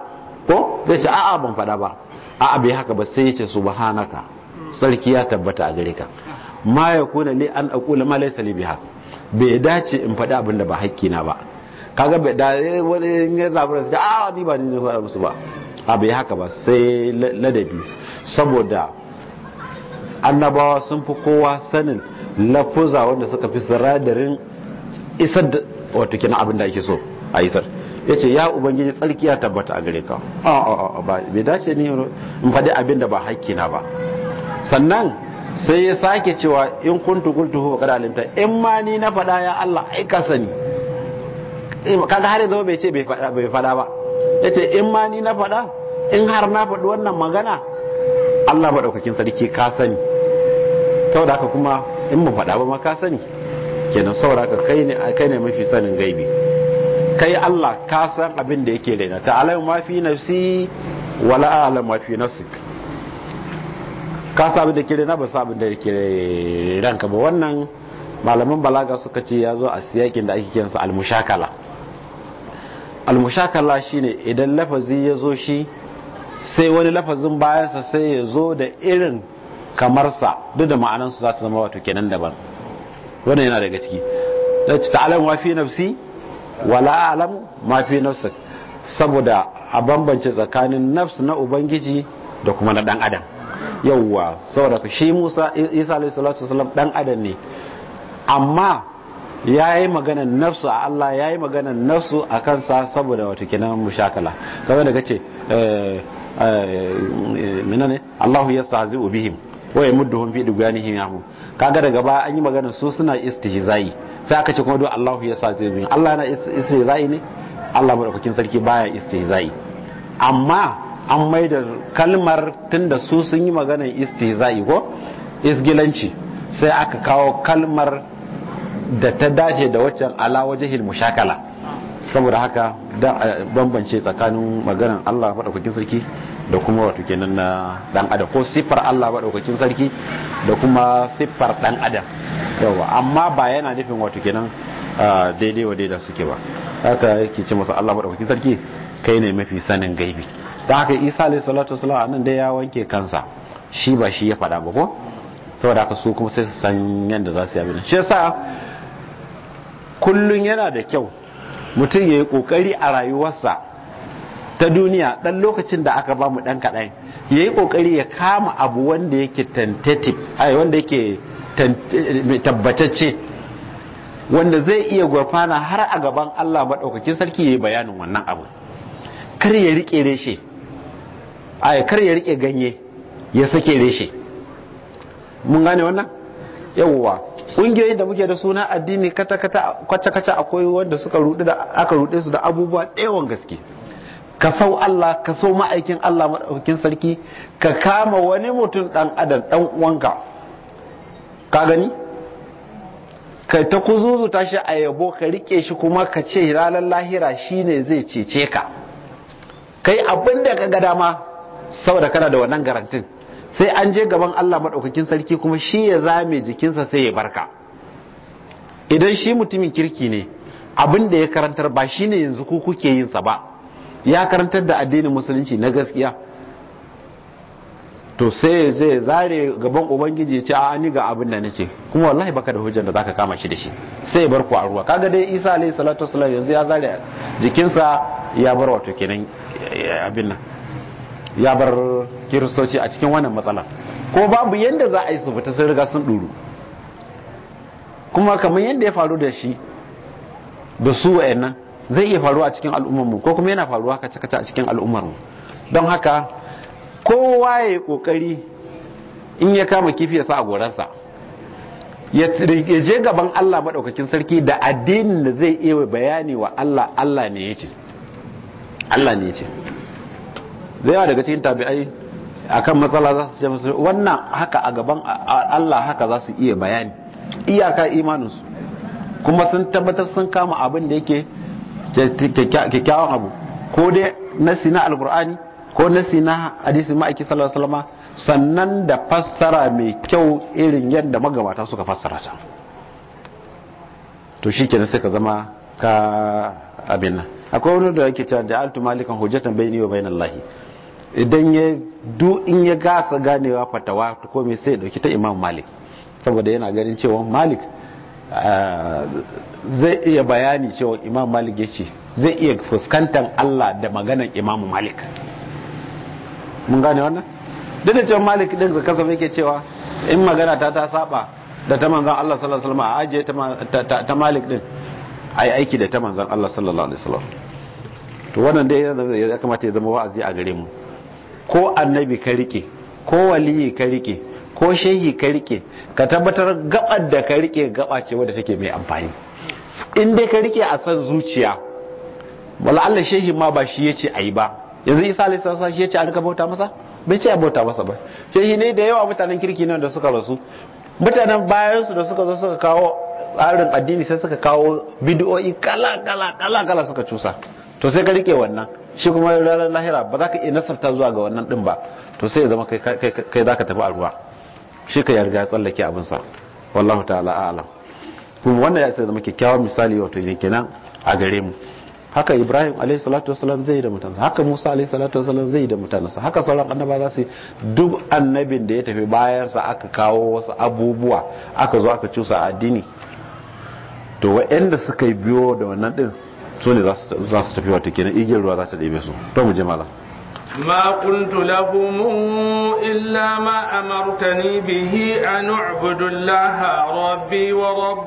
ko zai ce a'a ban fada ba a'a bai haka ba sai ya ce subhanaka tsarki ya tabbata a gare ka ma kuna ne an aqula ma laysa li biha bai dace in fada abin da ba hakki na ba kaga bai da eh, wani ya zabi da a ni ba ni ne faɗa musu ba a bai haka ba sai ladabi saboda annabawa sun fi kowa sanin lafuza wanda suka fi siradarin isar da wato kina abin da ake so a isar ya ce ya ubangiji tsarki ya tabbata a gare ka bai dace ni in faɗi abin da ba na ba sannan sai ya sake cewa in kuntu kuntu huwa kada alimta in ma ni na faɗa ya Allah ai ka sani eh, kaga har yanzu bai ce bai faɗa ba ya ce in ma ni na faɗa in har na faɗi wannan magana Allah maɗaukakin sarki ka sani saboda haka kuma in mu faɗa ba ma ka sani kenan saura haka kai ne kai ne mafi sanin gaibi kai Allah ka san abin da yake raina ta'ala ma fi nafsi wala a'lam ma fi nafsi ka san abin da yake raina ba san abin da yake ranka ba wannan malaman balaga suka ce ya zo a siyakin da ake kiransa al-mushakala al-mushakala shine idan lafazi ya zo shi sai wani lafazin bayansa sai ya zo da irin kamarsa duk da ma'anansu za ta zama wato kenan daban wannan yana daga ciki ta ta'alam wa fi nafsi wala alam ma fi saboda a bambance tsakanin nafs na ubangiji da kuma na dan adam yawwa saboda shi Musa Isa alayhi salatu wasallam dan adam ne amma yayi magana nafsu a Allah yayi magana nafsu a kansa saboda wato kenan mushakala kamar da kace eh Eh, eh, minane Allah ya yastahzi'u ubihim wa ya muddu yamudduhum fi dugyanihim yahu kaga daga ba an yi magana su suna istihza'i sai aka ce kuma do Allah ya yastahzi'u ubihim Allah na istihza'i ne Allah madaukakin sarki baya istihza'i amma an mai da kalmar tunda su sun yi magana istihza'i ko isgilanci sai aka kawo kalmar da ta dace da waccan ala wajhil mushakala saboda haka da eh, bambance tsakanin maganar Allah maɗaukakin sarki da kuma wato kenan na dan adam ko siffar Allah maɗaukakin sarki da kuma siffar dan adam yawa amma ba yana nufin wato kenan ah, daidai wa daidai suke ba haka yake ce masa Allah maɗaukakin sarki kai ne mafi sanin gaibi da haka Isa alayhi salatu wasallam nan da ya wanke kansa shi ba shi ya faɗa ba ko saboda haka su kuma sai su san yadda za su yi abin shi yasa kullun yana da kyau mutum ya yi ƙoƙari a rayuwarsa ta duniya ɗan lokacin da aka ba mu ɗan kaɗai ya yi ƙoƙari ya kama abu wanda yake tentative wanda yake tabbatacce wanda zai iya gurfana har a gaban Allah maɗaukakin sarki ya yi bayanin wannan abu kar ya rike reshe a kar ya riƙe ganye ya sake reshe mun gane wannan yawwa ƙungiyoyin da muke da suna addini kwace-kwace akwai wanda suka rudu da aka rude su da abubuwa ɗewan gaske ka sau Allah ka sau ma'aikin Allah maɗaukakin sarki ka kama wani mutum ɗan adam ɗan uwanka ka gani ka ta ta shi a yabo ka riƙe shi kuma ka ce ranar lahira shi ne zai cece ka kai abin da ka ga dama saboda kana da wannan garantin sai an je gaban Allah maɗaukakin sarki kuma shi ya zame jikinsa sai ya barka idan shi mutumin kirki ne abin da ya karantar ba shi ne yanzu ku kuke yin sa ba ya karantar da addinin musulunci na gaskiya to sai zai zare gaban ubangiji ya ce a ni ga abin da ce. kuma wallahi baka da hujjar da zaka kama shi da shi sai ya barku a ruwa kaga dai Isa alayhi salatu wasallam yanzu ya zare jikinsa ya bar wato kenan abin nan ya bar kiristoci a cikin wannan matsala ko babu yadda za a yi su fita sun riga sun ɗuru kuma kamar yadda ya faru da shi da su wa'annan zai iya faru a cikin al'ummarmu ko kuma yana faruwa kace-kace a cikin al'ummarmu don haka kowa ya yi ƙoƙari in ya kama kifi ya sa a gorarsa ya je gaban Allah maɗaukakin sarki da addinin da zai iya bayani wa Allah Allah Allah ne ya ce zai yawa daga cikin tabi'ai akan matsala za su ce musu wannan haka a gaban Allah haka za su iya bayani iyaka imaninsu kuma sun tabbatar sun kama abin da yake kyakkyawan abu ko dai nasi na alkur'ani ko nasi na hadisi ma'aiki sallallahu alaihi sannan da fassara mai kyau irin yadda magabata suka fassara ta to kenan sai ka zama ka abin nan akwai wani da yake cewa da altu malikan hujjatan bayni wa bainallahi idan ya du in ya gasa ganewa fatawa ko me sai dauki ta Imam Malik saboda yana ganin cewa Malik eh, zai iya bayani cewa Imam Malik ya ce zai iya fuskantar Allah da maganar Imam Malik mun gane wannan duk da cewa Malik din zaka saba yake cewa in magana ta ta saba da ta manzon Allah sallallahu alaihi wasallam a ajiye ta Malik din ai aiki da ta manzon Allah sallallahu alaihi wasallam to wannan dai ya kamata ya zama wa'azi a gare mu ko annabi ka rike ko waliyi ka rike ko shehi ka rike ka tabbatar gabar da ka rike gaba ce wadda take mai amfani in dai ka rike a san zuciya wala Allah shehi ma ba shi yace ayi ba yanzu Isa salatu wasallam shi yace an ka bauta masa bai ce an bauta masa ba shehi ne da yawa mutanen kirki ne da suka rasu mutanen bayan su da suka zo suka kawo tsarin addini sai suka kawo bid'o'i kala kala kala kala suka cusa to sai ka rike wannan shi kuma ranar lahira ba za ka iya nasarta zuwa ga wannan din ba to sai ya zama kai za ka tafi a ruwa shi ka yarga ya tsallake abinsa wallahu ta'ala a'lam kuma wannan ya zama kyakkyawan misali wato ne nan a gare mu haka ibrahim alayhi salatu wasalam zai yi da mutansa haka musa alayhi salatu wasalam zai yi da mutansa haka sauran annaba za su duk annabin da ya tafi bayan sa aka kawo wasu abubuwa aka zo aka cusa addini to waɗanda suka biyo da wannan din su ne za su tafi wata kenan igiyar ruwa za ta ɗebe su to mu jimala ma kuntu lahum illa ma bihi a ubudu rabbi wa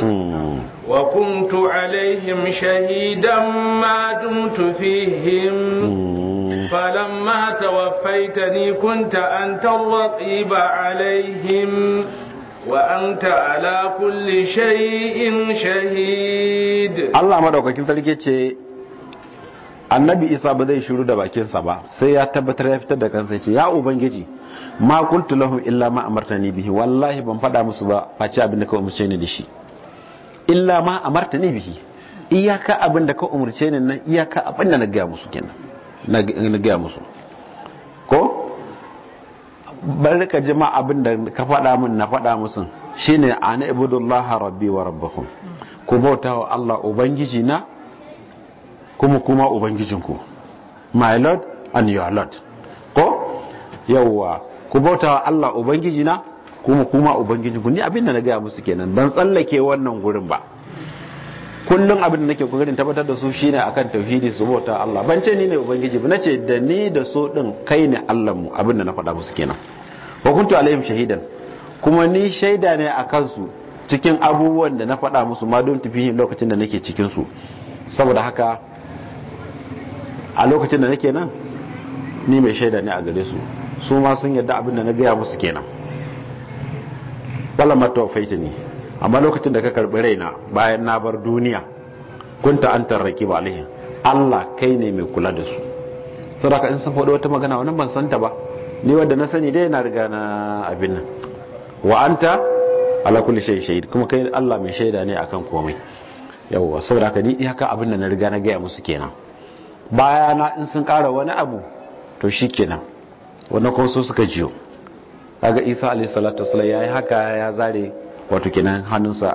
hmm. wa kuntu alaihim shahidan ma dumtu fihim فلما توفيتني كنت أنت ba عليهم وأنت على كل شيء شهيد الله مدوكاكين سلكي annabi isa ba zai shiru da bakinsa ba sai ya tabbatar ya fitar da kansa ya ce ya ubangiji ma kuntu lahum illa ma amartani bihi wallahi ban fada musu ba face abin da ka umurce ni da shi illa ma amartani bihi iyaka abin da ka umurce ni nan iyaka abin da na gaya musu kenan na gaya musu ko bari ka jima abinda abin da ka faɗa min na faɗa musu shine ana ibudullaha rabbi wa rabbakum ku bauta wa Allah ubangiji na kuma kuma ubangijinku my lord and your lord ko yawwa ku bauta wa Allah ubangiji na kuma kuma ubangijinku ni abin da na gaya musu kenan ban tsallake wannan gurin ba kullum abin da nake kokarin tabbatar da su shine akan tauhidi su bauta Allah ban ce ni ne ubangiji ba nace da ni da so din kai ne Allah mu abin da na faɗa musu kenan wa kuntu alaihim shahidan kuma ni shaida ne a kansu cikin abubuwan da na faɗa musu ma don tafihin lokacin da nake cikin saboda haka a lokacin da nake nan ni mai shaida ne a gare su su ma sun yarda abin da na gaya musu kenan wala mata faitani amma lokacin da ka karbi raina bayan na bar duniya kunta an tarraki ba alihin Allah kai ne mai kula da su ka in sun faɗi wata magana wani ban san ta ba ni wadda na sani dai na riga na abin nan wa an ta kulli kuma kai Allah mai shaida ne akan komai yawwa da ka ni haka abin da na riga na gaya musu kenan baya na in sun ƙara wani abu to shi wannan kuma su suka jiyo kaga Isa alayhi salatu ya yi haka ya zare wato kenan hannunsa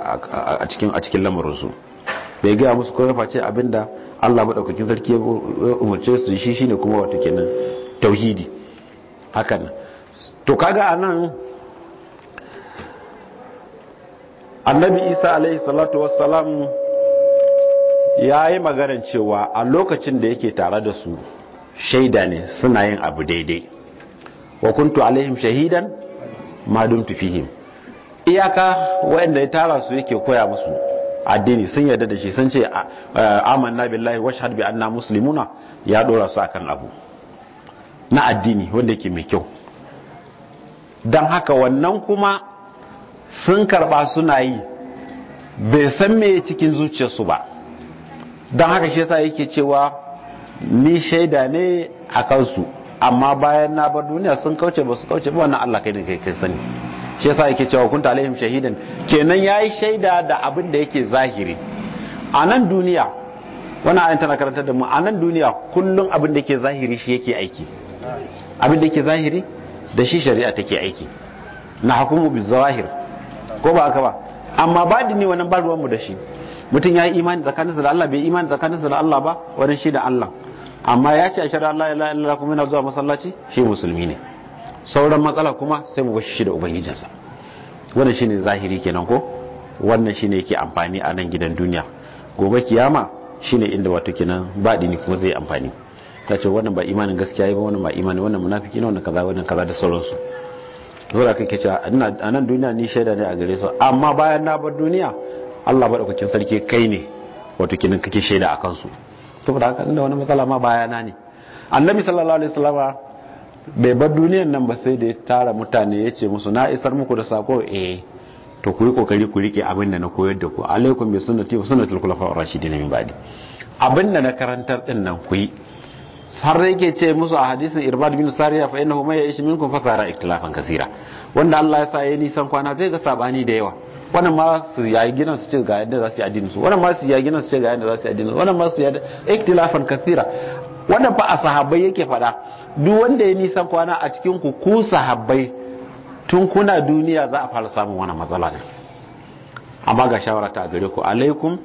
a cikin a cikin lamarinsu bai gaya musu ko face abinda Allah madaukakin sarki ya umarce su shi shine kuma wato kenan tauhidi hakan to kaga anan annabi isa alaihi salatu wassalam ya yi maganar cewa a lokacin da yake tare da su shaida ne suna yin abu daidai wa kuntu alaihim shahidan ma dumtu fihim iyaka wa'anda ya tara su yake koya musu addini sun yarda da shi sun ce eh, amanna billahi shahadu bi anna muslimuna ya dora su akan abu na addini wanda yake mai kyau dan haka wannan kuma sun karba suna yi bai san me cikin zuciyarsu ba dan haka shi yasa yake cewa ni shaida ne a kansu amma bayan na bar duniya sun kauce ba su kauce ba wannan Allah kai ne kai sani shi yasa yake cewa kunta alaihim shahidan kenan yayi shaida da abin da yake zahiri a nan duniya Wani ayan tana karantar da mu a nan duniya kullum abin da yake zahiri shi yake aiki abin da yake zahiri da shi shari'a take aiki na hukumu bi zawahir ko ba haka ba amma ba da ni wannan ba mu da shi mutum ya yi imani tsakaninsa da Allah bai imani tsakaninsa da Allah ba wannan shi da Allah amma ya ce a shari'a Allah ya lalata kuma yana zuwa masallaci shi musulmi ne sauran matsala kuma sai mu bashi shi da ubangijinsa wannan shine zahiri kenan ko wannan shine yake amfani a nan gidan duniya gobe kiyama shine inda wato kenan ne kuma zai amfani ta ce wannan ba imanin gaskiya ba wannan ba imani wannan munafiki ne wannan kaza wannan kaza da sauransu to kai ke cewa a nan duniya ni shaida ne a gare su amma bayan na bar duniya Allah madaukakin sarki kai ne wato kenan kake shaida a kansu saboda haka inda wani matsala ma bayana ne annabi sallallahu alaihi wasallama bai bar duniyan nan ba sai da ya tara mutane ya ce musu na isar muku da sako eh to ku yi kokari ku rike abin da na koyar da ku alaikum bi sunnati wa sunnatul khulafa'ur rashidin min ba'di abin da na karantar din nan ku yi har da yake ce musu a hadisin irbad bin sariya fa innahu may ya'ish minkum fa sara ikhtilafan kaseera wanda Allah ya sa yayi nisan kwana zai ga sabani da yawa wannan ma su yayi gidan su ce ga yadda za su yi addinin su wannan ma su yayi gidan su ce ga yadda za su yi addinin su wannan ma su yayi ikhtilafan kaseera wannan fa a sahabbai yake faɗa duk wanda ya nisan kwana a cikin ku ku sahabbai tun kuna duniya za a fara samun wani matsala ne amma ga shawara ta gare ku alaikum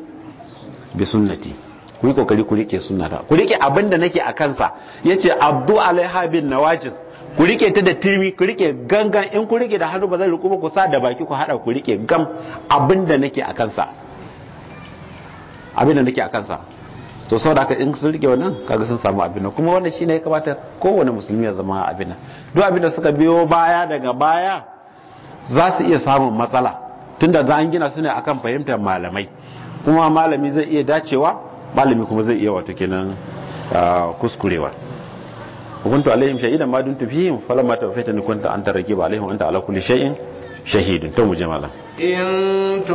bi sunnati ku yi kokari ku rike sunnata ku rike abin da nake a kansa yace abdu alaiha bin nawajis ku rike ta da tirmi ku rike gangan in ku rike da hannu ba zai riku ba ku sa da baki ku hada ku rike gam abin da nake a kansa abin da nake a kansa to saboda haka in sun rike wannan kaga sun samu abin nan kuma wannan shine ya kamata kowane musulmi ya zama abin nan duk abin da suka biyo baya daga baya za su iya samun matsala tunda za an gina su ne akan fahimtar malamai kuma malami zai iya dacewa malami kuma zai iya wato kenan kuskurewa kuntu alaihim shahidan ma dun tufihim falamma tawfaitani kunta anta raqiba alaihim anta ala kulli shay'in shahidun to mu إن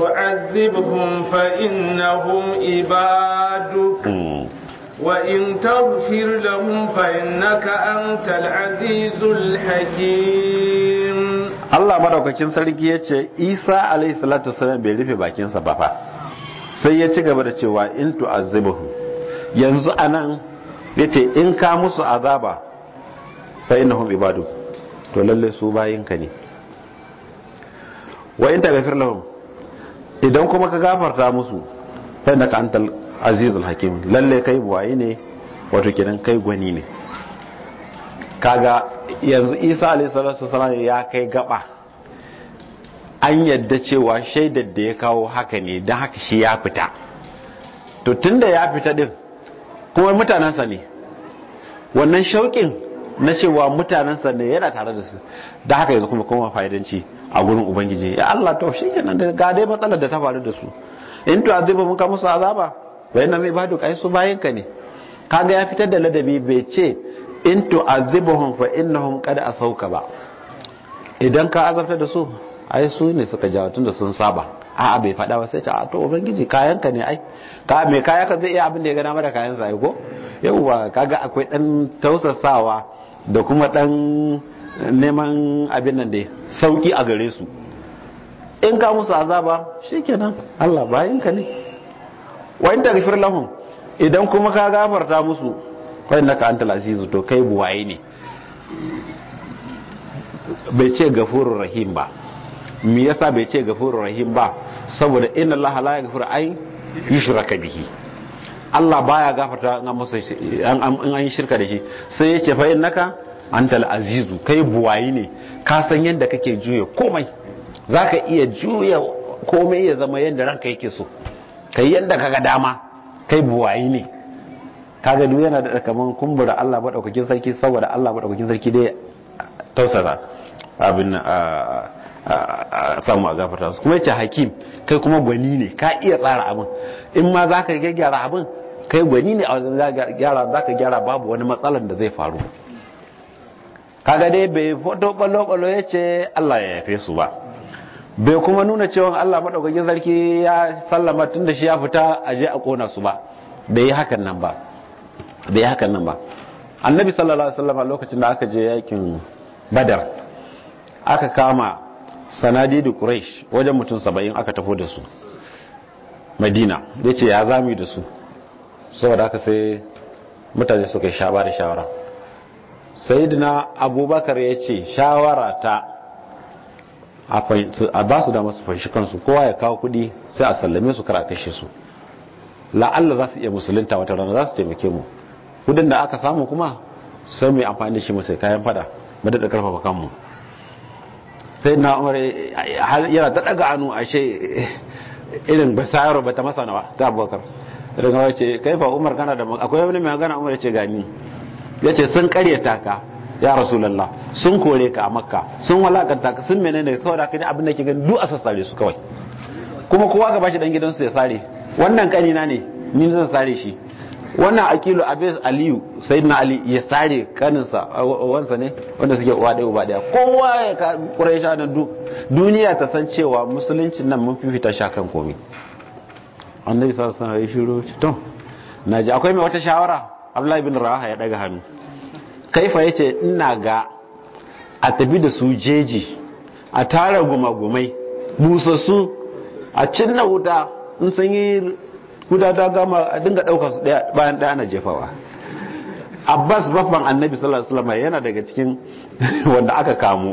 ibadu, wa in وإن تغفر لهم فإنك أنت العزيز الحكيم Allah madaukakin sarki ya ce Isa alaihi salatu wasallam bai rufe bakinsa ba fa sai ya ci gaba da cewa in tu'azzibuhum yanzu anan yace in ka musu azaba fa innahum ibadu to lalle su bayinka ne wa in tagfir lahum idan kuma ka gafarta musu fa innaka antal azizul hakim lalle kai buwaye ne wato kidan kai gwani ne kaga yanzu Isa alayhi salatu wasallam ya kai gaba an yadda cewa shaidar da ya kawo haka ne dan haka shi ya fita to tunda ya fita din kuma mutanansa ne wannan shauƙin na cewa mutanensa ne yana tare da su da haka yanzu kuma kuma fa'idanci a gurin ubangiji ya Allah to shi kenan ga dai matsalar da ta faru da su in to mun muka musu azaba bayan nan mai badu kai su bayan ka ne kaga ya fitar da ladabi bai ce in to na fa innahum qad asauka ba idan ka azabta da su ai su ne suka jawo tunda sun saba a'a bai fada ba sai ce a to ubangiji kayan ka ne ai ka mai kaya ka zai iya abin da ya gana mara kayan sa ai ko yauwa kaga akwai dan tausasawa da kuma ɗan neman abin nan da sauki a gare su in ka musu azaba shikenan Allah bayinka ne wa in taghfir lahum idan kuma ka gafarta musu fa innaka antal azizu to kai buwaye ne bai ce gafurur rahim ba me yasa bai ce gafurur rahim ba saboda inna allaha la yaghfiru ay yushraka bihi Allah baya gafarta in an yi shirka da shi sai ya ce fa innaka antal azizu kai buwayi ne ka san yadda kake juya komai zaka iya juya komai ya zama yadda ranka yake so kai yadda kaga dama kai buwayi ne kaga duk yana da kaman kumbura Allah madaukakin sarki saboda Allah madaukakin sarki dai tausasa abin a samu a gafarta su kuma yace hakim kai kuma gwani ne ka iya tsara abin in ma za ka gyaggyara abin kai gwani ne a wajen gyara za ka gyara babu wani matsalan da zai faru kaga dai bai foto balo-balo ya ce Allah ya yafe su ba bai kuma nuna cewa Allah maɗaukakin sarki ya sallama tun da shi ya fita a je a ƙona su ba bai yi hakan nan ba annabi sallallahu alaihi wasallam lokacin da aka je yakin badar aka kama sanadi da quraish wajen mutum saba'in aka tafo da su madina yace ya zami da su saboda haka sai mutane suka yi shaba da shawara sayyidina abubakar ya ce shawara ta a ba su damar su fahimci kansu kowa ya kawo kudi sai a sallame su kar a kashe su la'alla za su iya musulunta wata rana za su taimake mu kudin da aka samu kuma sai mai amfani da shi musai kayan fada mu da karfafa kanmu sai na umar yana ta daga anu ashe irin basayar ba ta masa nawa ta abubakar daga wace kai fa umar kana da akwai wani mai magana umar ce gani yace sun karyata ka ya rasulullah sun kore ka a makka sun walakanta ka sun menene kawai da kaji abin da ke gani duk a sassare su kawai kuma kowa ga bashi dan gidansu ya sare wannan kanina ne ni zan sare shi wannan akilu abes aliyu sayyidina ali ya sare kaninsa wansa ne wanda suke uwa ɗaya uba ɗaya kowa ya ƙuraisha na duniya ta san cewa musuluncin nan mun fifita shakan komai annabi sa sa yi shiru to naji akwai mai wata shawara abdullahi bin rawaha ya daga hannu kaifa yace ina ga a tabi da su jeji a tara gumagumai busassu a cinna wuta in sanyi yi wuta ta gama a dinga ɗauka su bayan ɗaya na jefawa abbas babban annabi sallallahu alaihi wasallam yana daga cikin wanda aka kamu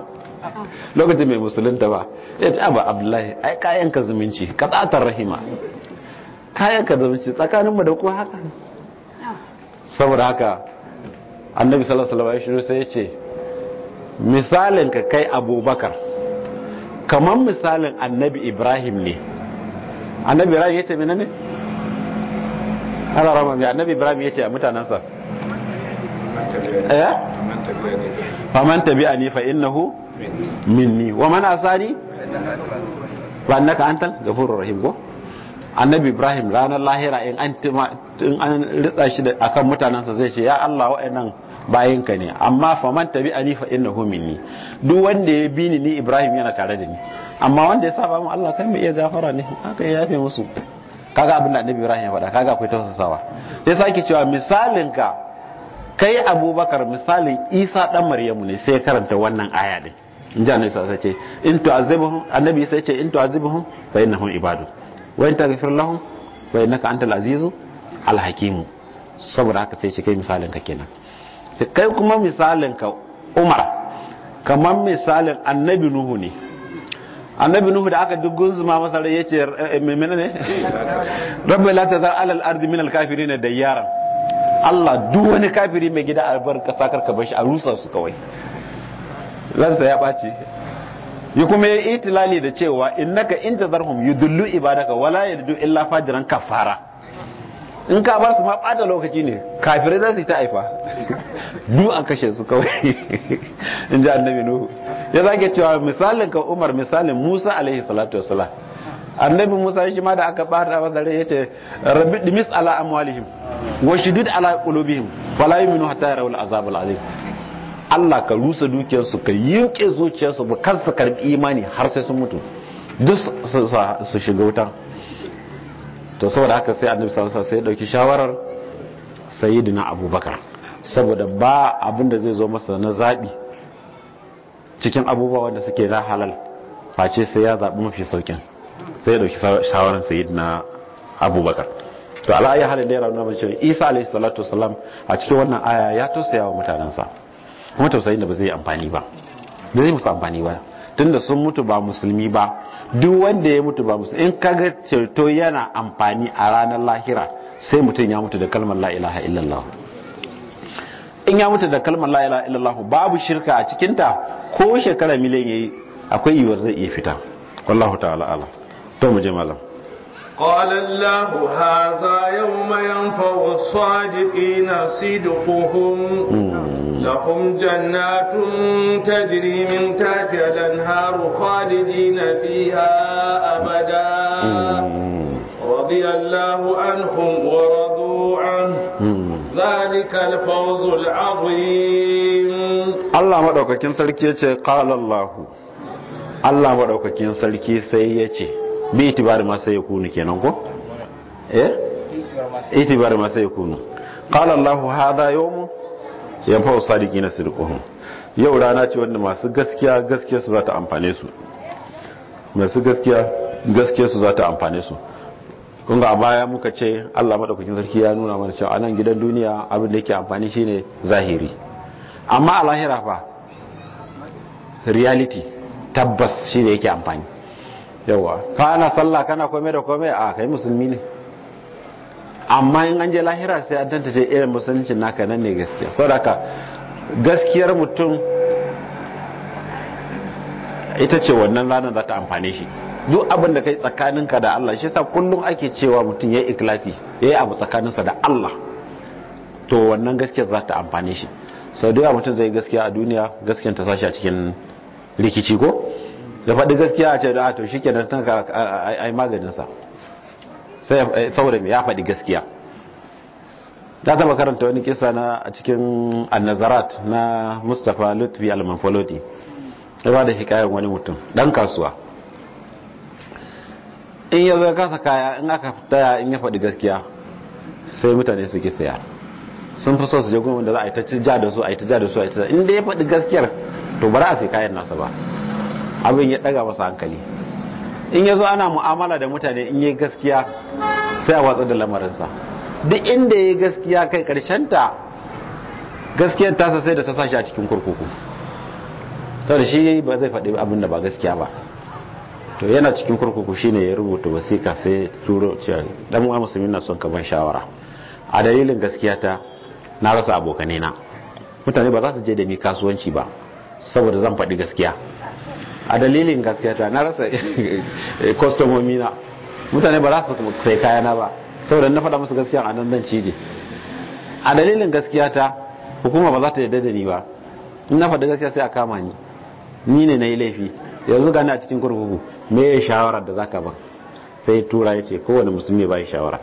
lokacin mai musulunta ba ya ce abu abdullahi ai kayan ka zumunci ka tsatar rahima kayan ka da zuci tsakaninmu da ku haka saboda haka annabi sallallahu alaihi wasallam ya shiru sai ya ce misalin ka kai abubakar kamar misalin annabi ibrahim ne annabi ibrahim ya ce mina ne ana rama mai annabi ibrahim ya ce a mutanensa eh faman tabi'ani fa innahu minni wa man asani wa annaka antal ghafurur rahim ko annabi ibrahim ranar lahira in an ritsa shi kan mutanensa zai ce ya allah wa'annan bayinka ne amma faman tabi ani fa innahu minni duk wanda ya bi ni ni ibrahim yana tare da ni amma wanda ya saba mu allah kai mai iya gafara ne haka ya yafe musu kaga abin da annabi ibrahim ya faɗa kaga akwai tausasawa ya sake cewa misalin ka kai abubakar misalin isa dan maryamu ne sai karanta wannan aya din in ji annabi sai ce in tu'azibuhum annabi sai ce in tu'azibuhum fa innahum ibadu wa in taghfir lahum wa innaka antal azizu al hakim saboda haka sai shi kai misalin ka kenan kai kuma misalin ka Umar kamar misalin annabi Nuhu ne annabi Nuhu da aka duk zuma masa rai yace eh, eh, menene ne rabbi la tazar alal ardi min al kafirin dayyaran Allah duk wani kafiri mai gida albarka sakar ka bashi a rusa su kawai ransa ya ɓaci yi kuma ya itilali da cewa innaka in ta yi dullu ibadaka wala ya dudu illa fajiran kafara in ka bar su ma bata lokaci ne kafirai za su yi ta aifa du an kashe su kawai in ji annabi nuhu ya zage cewa misalin ka umar misalin musa alaihi salatu wassalam annabi musa shi ma da aka bata masa rai yace rabbi dimis ala amwalihim wa shidid ala qulubihim fala minu hatta yarawul azab al azim Allah ka rusa dukiyarsu ka yinke zuciyarsu ba kan su karbi imani har sai sun mutu duk su shiga wuta to saboda haka sai annabi sallallahu alaihi wasallam sai ya dauki shawarar sayyidina abubakar saboda ba abin da zai zo masa na zabi cikin abubuwa wanda suke na halal face sai ya zabi mafi saukin sai ya dauki shawarar sayyidina abubakar to ala ayi halin da ya rauna mace isa alaihi salatu wasallam a cikin wannan aya ya tausaya wa mutanansa kuma tausayin da ba zai yi amfani ba da zai musu amfani ba tunda sun mutu ba musulmi ba duk wanda ya mutu ba musulmi in kaga ceto yana amfani a ranar lahira sai mutum ya mutu da kalmar la ilaha illallah in ya mutu da kalmar la ilaha illallah babu shirka a cikinta ko shekara miliyan yayi akwai yiwuwar zai iya fita wallahu ta'ala ala to mu je malam قال الله هذا يوم ينفع الصادقين صدقهم hmm. Lahum Janna tun ta jirimi tatalen har kwaɗayi na fi ha abada, wani Allahu an kunkura zuciya, za ni kalfa wanzu afu yi. Allah ma ɗaukakin sarki sai qalallahu. Allah ma ɗaukakin sarki sai ya kunu kenan ko? E? Eh? Itibarimma sai ya kunu. Ƙalallahu ha da yawon yanfa sadiki na sirkuhun yau rana ce wanda masu gaskiya gaskiya su za ta amfane su masu gaskiya gaskiya su za ta amfane su kunga a baya muka ce Allah madaukakin sarki ya nuna mana cewa anan gidan duniya abin da yake amfani shine zahiri amma a lahira fa reality tabbas shine yake amfani yawa ka ana sallah kana komai da komai a kai musulmi ne amma in an je lahira sai an tantace irin na naka nan ne gaskiya saboda gaskiyar mutum ita ce wannan ranar za ta amfane shi duk abin da kai tsakaninka da Allah shi yasa kullum ake cewa mutum yayi ikhlasi yayi abu tsakaninsa da Allah to wannan gaskiyar za ta amfane shi sau da yawa mutum zai gaskiya a duniya gaskiyar ta sashi a cikin rikici ko da faɗi gaskiya a ce da ah, to shikenan tanka a maganin sa Eh, saboda ya faɗi gaskiya ta zama karanta wani kisa na a cikin annazarat na mustapha lutfi al-manfaloti ya ba da hikayar wani mutum ɗan kasuwa in yanzu zai kasa kaya in aka taya in ya faɗi gaskiya sai mutane su ki saya sun fi so su je wanda za a yi ta ja da su a yi ta ja da su a yi ta in da ya faɗi gaskiyar to ba za a sai kayan nasa ba abin ya ɗaga masa hankali in ya zo ana mu'amala da mutane in yi gaskiya sai a watsa da lamarinsa duk inda ya gaskiya kai ta gaskiyar tasa sai da ta sashi a cikin kurkuku to da shi ba zai faɗi abin da ba gaskiya ba to yana cikin kurkuku shine ya rubuta wasiƙa sai turo cewa dan uwa musulmi na son ka shawara a dalilin gaskiya ta na rasa abokanai na mutane ba za su je da ni kasuwanci ba saboda zan faɗi gaskiya a dalilin gaskiyata na rasa eh, kwastomomi na mutane ba za su sai kayana ba saboda na faɗa musu gaskiya a nan zan cije a dalilin gaskiyata hukuma ba za ta yadda da ni ba in na faɗi gaskiya sai a kama ni ni ne na yi laifi yanzu gani a cikin kurkuku me ya shawara da za ka ban sai tura ya ce kowane musulmi ba ya shawara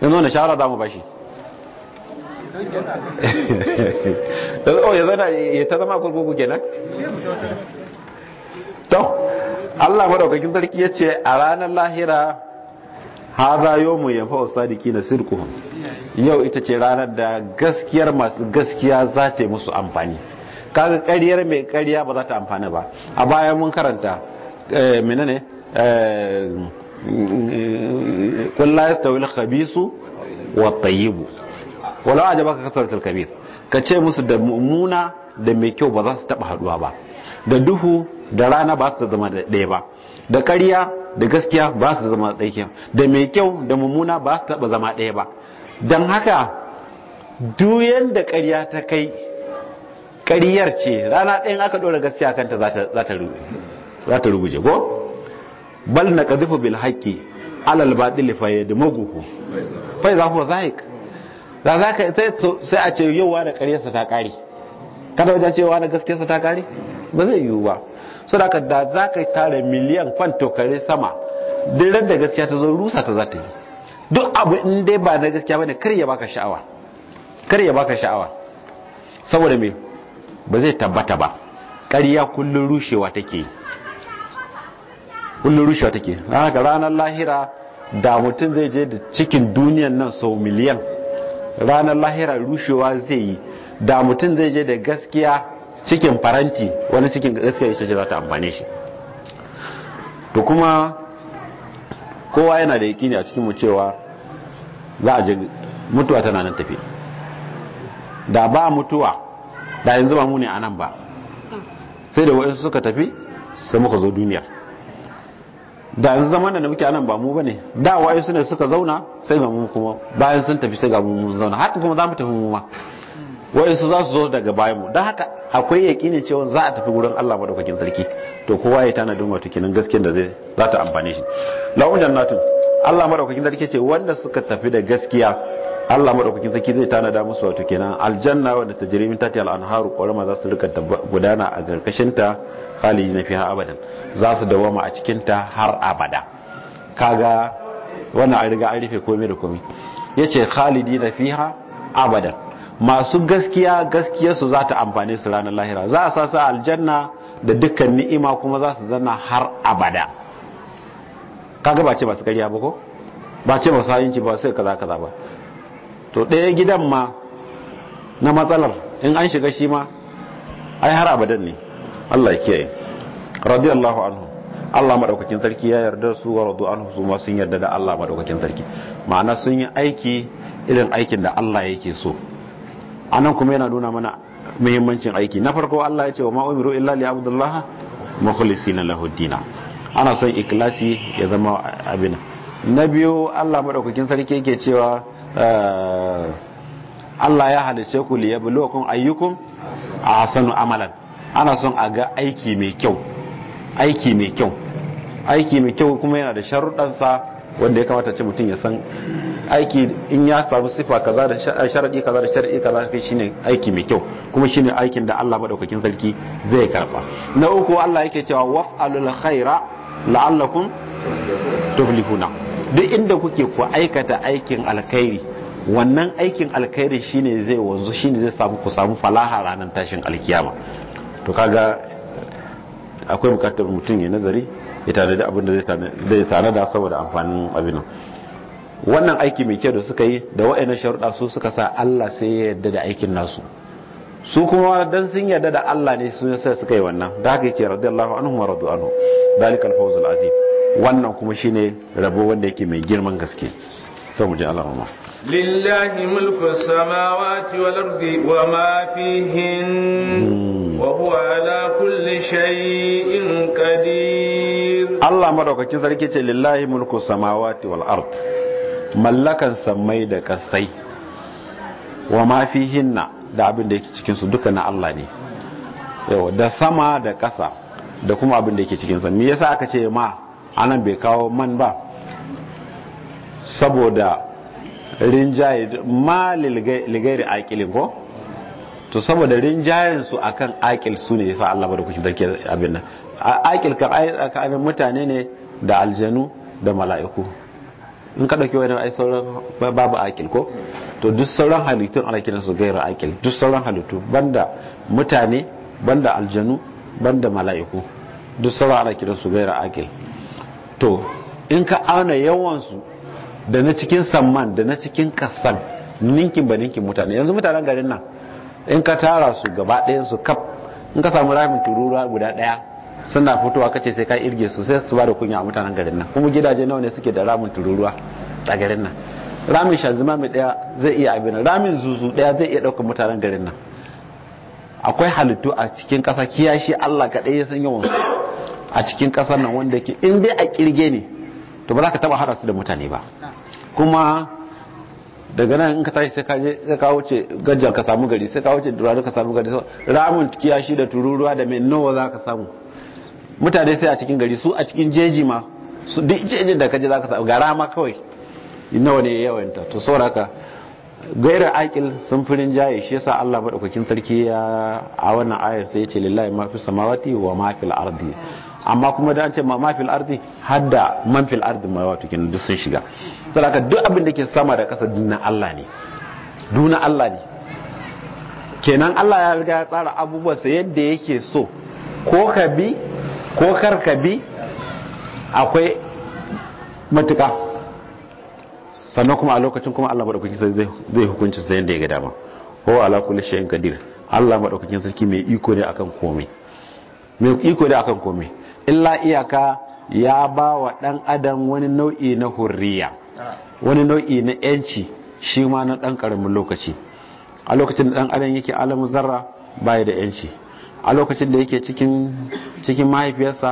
yanzu wani shawara za mu ba shi oh, ya zana ya ta zama kurkuku kenan to Allah madaukakin sarki ya ce a ranar lahira hada yawmu yafa sadiki na sirku yau ita ce ranar da gaskiyar masu gaskiya za ta yi musu amfani kaga ƙaryar mai ƙarya ba za ta amfani ba a bayan mun karanta eh, menene kullu eh, yi khabisu wat tayyib walau ajabaka kasar kabir ka ce musu da mummuna da mai kyau ba za su taba haduwa ba da duhu da rana ba su zama da ɗaya ba da ƙarya da gaskiya ba su zama da ɗaya da mai kyau da mummuna ba su taɓa zama ɗaya ba don haka duyan da ƙarya ta kai ƙaryar ce rana ɗayan aka ɗora gaskiya kanta za ta rubuce ko bal na ƙazifu bil haƙƙi alal baɗi lifaye da maguhu fai za huwa zahik da za ka sai a ce wa da ƙaryarsa ta ƙari kada wajen cewa da gaskiyarsa ta ƙari ba zai yiwu ba saboda da za ka tara miliyan kwanto kare sama duk da gaskiya ta zo rusa ta za ta yi duk abu in dai ba na gaskiya bane kar ya baka sha'awa kar ya baka sha'awa saboda me ba zai tabbata ba ƙarya kullun rushewa take kullun rushewa take haka ranar lahira da mutum zai je da cikin duniyan nan sau miliyan ranar lahira rushewa zai yi da mutum zai je da gaskiya cikin faranti wani cikin gaskiya ita ce za ta amfane shi to kuma kowa yana da ne a cikin mu cewa za a je mutuwa tana nan tafi da ba mutuwa da yanzu ba mu ne a nan ba sai da wani suka tafi sai muka zo duniyar da yanzu zama da muke nan ba mu ba ne da wa'insu ne suka zauna sai ga mu kuma bayan sun tafi sai ga mu mun zauna haka kuma za mu tafi mu ma wa'insu za su zo daga bayan mu don haka akwai ne cewa za a tafi wurin Allah madaukakin sarki to kowa ya tana wato kenan gaskiyar da zai za ta amfane shi lahun jannatin Allah madaukakin sarki ce wanda suka tafi da gaskiya Allah madaukakin sarki zai tanada musu wata kenan aljanna wanda ta jirimin tati al-anharu qawama za su rika gudana a garkashin ta na fiha abadan za su dawama a cikin ta har abada kaga wannan an riga an rufe komai da komai yace na fiha abadan masu gaskiya gaskiyarsu za ta amfane su ranar lahira za a sasa aljanna da dukkan ni'ima kuma za su zanna har abada kaga ba ce masu karya ba ko ba ce masu hayinci ba sai kaza kaza ba to ɗaya gidan ma na matsalar in an shiga shi ma ai har abadan ne Allah ya kiyaye radiyallahu anhu Allah madaukakin sarki ya yarda su wa radu anhu su ma sun yarda da Allah madaukakin sarki ma'ana sun yi aiki irin aikin da Allah yake so anan kuma yana nuna mana muhimmancin aiki na farko Allah ya ce wa ma'umiru illa li abdullah mukhlisina lahu dina ana son ikhlasi ya zama abin na biyu Allah madaukakin sarki yake cewa ah, Allah ya halice ku li yabluwakum ayyukum ahsanu amalan ana son a ga aiki mai kyau aiki mai kyau aiki mai kyau kuma yana da sharuɗansa wanda ya kamata ce mutum ya san aiki in ya samu sifa kaza da sharadi kaza da sharadi kaza shi shine aiki mai kyau kuma shine aikin da Allah madaukakin sarki zai karba na uku Allah yake cewa waf'alul khaira la'allakum tuflihuna duk inda kuke ku aikata aikin alkhairi wannan aikin alkhairi shine zai wanzu shine zai samu ku samu falaha ranar tashin alkiyama to kaga akwai bukatar mutum ya nazari ya da abin da zai tare da saboda amfanin abin nan wannan aiki mai kyau da suka yi da wa'annan sharuɗa su suka sa Allah sai ya yarda da aikin nasu su kuma dan sun yarda da Allah ne su sai suka yi wannan da haka yake radiyallahu anhu wa radu anhu dalikal fawzul azim wannan kuma shine rabo wanda yake mai girman gaske to mu ji Allah ma. lillahi mulku samawati wal ardi wa ma fihin hmm. wa huwa ala kulli in qadir Allah madaukakin sarki ce lillahi mulku samawati wal mallakan sammai da kasai wa ma hinna da abin da yake cikin su duka na Allah ne yawa da sama da kasa da kuma abin da yake cikin sa me yasa aka ce ma anan bai kawo man ba saboda rinjaye ma ligairi aqilin ko to saboda rinjayen su akan aqil su ne yasa Allah barkushi da abin nan aqil ka abin mutane ne da aljanu da mala'iku in ka dauki wani ai sauran babu akil ko to duk sauran halittun ana kiran su gairu akil duk sauran halittu banda mutane banda aljanu banda mala'iku duk sauran ana kiran su gairu akil to in ka auna yawan su da na cikin samman da na cikin kasan ninkin ba ninkin mutane yanzu mutanen garin nan in ka tara su gaba ɗayan su kaf in ka samu ramin tururuwa guda ɗaya suna fitowa kace sai ka irge su sai su bada kunya a mutanen garin nan kuma gidaje nawa ne suke da ramin tururuwa a garin nan ramin shanzuma mai daya zai iya abin ramin zuzu daya zai iya daukar mutanen garin nan akwai halittu a cikin kasa kiyashi Allah kadai ya san yawan a cikin kasar nan wanda ke in dai a kirge ne to ba za ka taba hada su da mutane ba kuma daga nan in ka tashi sai ka je sai ka wuce gajjan ka samu gari sai ka wuce durani ka samu gari ramin kiyashi da tururuwa da mai nawa za ka samu mutane sai a cikin gari su a cikin jeji ma su duk jejin da kaje zaka samu gara ma kawai nawa ne yawanta to sauraka gaira aqil sun furin jaye shi yasa Allah madaukakin sarki ya a wannan ayar sai ya ce lillahi ma fi samawati wa ma fil ardi amma kuma da an ce ma fil ardi hadda man fil ardi ma wato kin duk sun shiga saboda duk abin da ke sama da kasa dinna Allah ne duna Allah ne kenan Allah ya riga ya tsara abubuwa sai yadda yake so ko ka bi ko ka bi akwai matuka sannan kuma a lokacin kuma Allah madaukakin sarki zai hukunci sayan da ya ga dama ko ala shay'in gadir Allah madaukakin sarki mai iko ne akan komai mai iko ne akan komai illa iyaka ya ba wa dan adam wani nau'i na hurriya wani nau'i na yanci shi ma na dan karamin lokaci a lokacin da dan adam yake alamu zarra baya da yanci a lokacin da yake cikin cikin mahaifiyarsa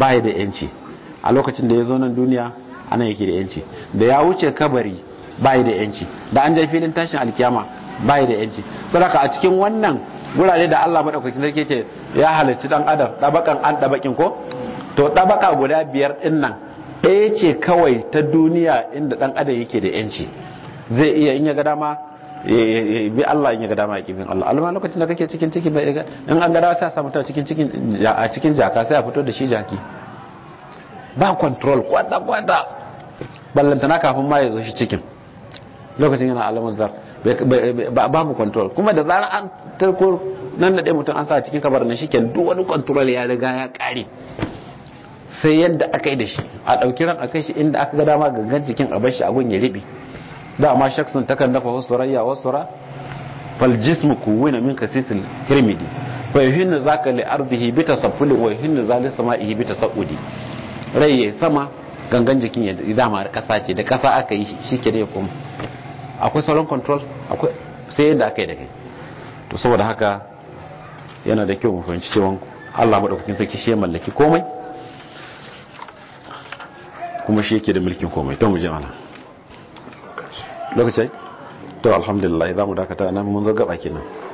ya da yanci a lokacin da ya zo nan duniya ana yake da yanci da ya wuce kabari ba ya da yanci da an je filin tashin alkiyama ya da yanci sadaka a cikin wannan gurare da Allah madaukakin sarki ce ya halarci dan adam dabakan an dabakin ko to dabaka guda biyar din nan ɗaya ce kawai ta duniya inda dan adam yake da yanci zai iya in ya ga dama bi Allah in gada maki bin Allah alma lokacin da kake cikin ciki bai ga in an gada sai a samu ta cikin cikin a cikin jaka sai a fito da shi jaki ba control kwata kwata ballantana kafin ma ya zo shi cikin lokacin yana zar ba mu control kuma da zarar an tarko nan da ɗaya mutum an sa cikin kabar shi shiken duk wani control ya riga ya kare sai yadda aka yi da shi a ɗauki ran a kai shi inda aka ga dama gangan jikin a bar shi a gun ya riɓe dama shaksun takan dafa wasu rayya wasu ra fal jismu kuwina min kasisil hirmidi fa yuhinna zaka li ardihi bi tasaffuli wa yuhinna zali sama'ihi bi tasaudi rai ya sama gangan jikin ya dama kasa ce da kasa aka yi shi ke da kuma akwai sauran control akwai sai yadda aka yi da kai to saboda haka yana da kyau mu fahimci cewa Allah madaukakin sarki shi mallaki komai kuma shi yake da mulkin komai to mu je mana lokaci to alhamdulillah za mu dakata nan mun zo gaba kenan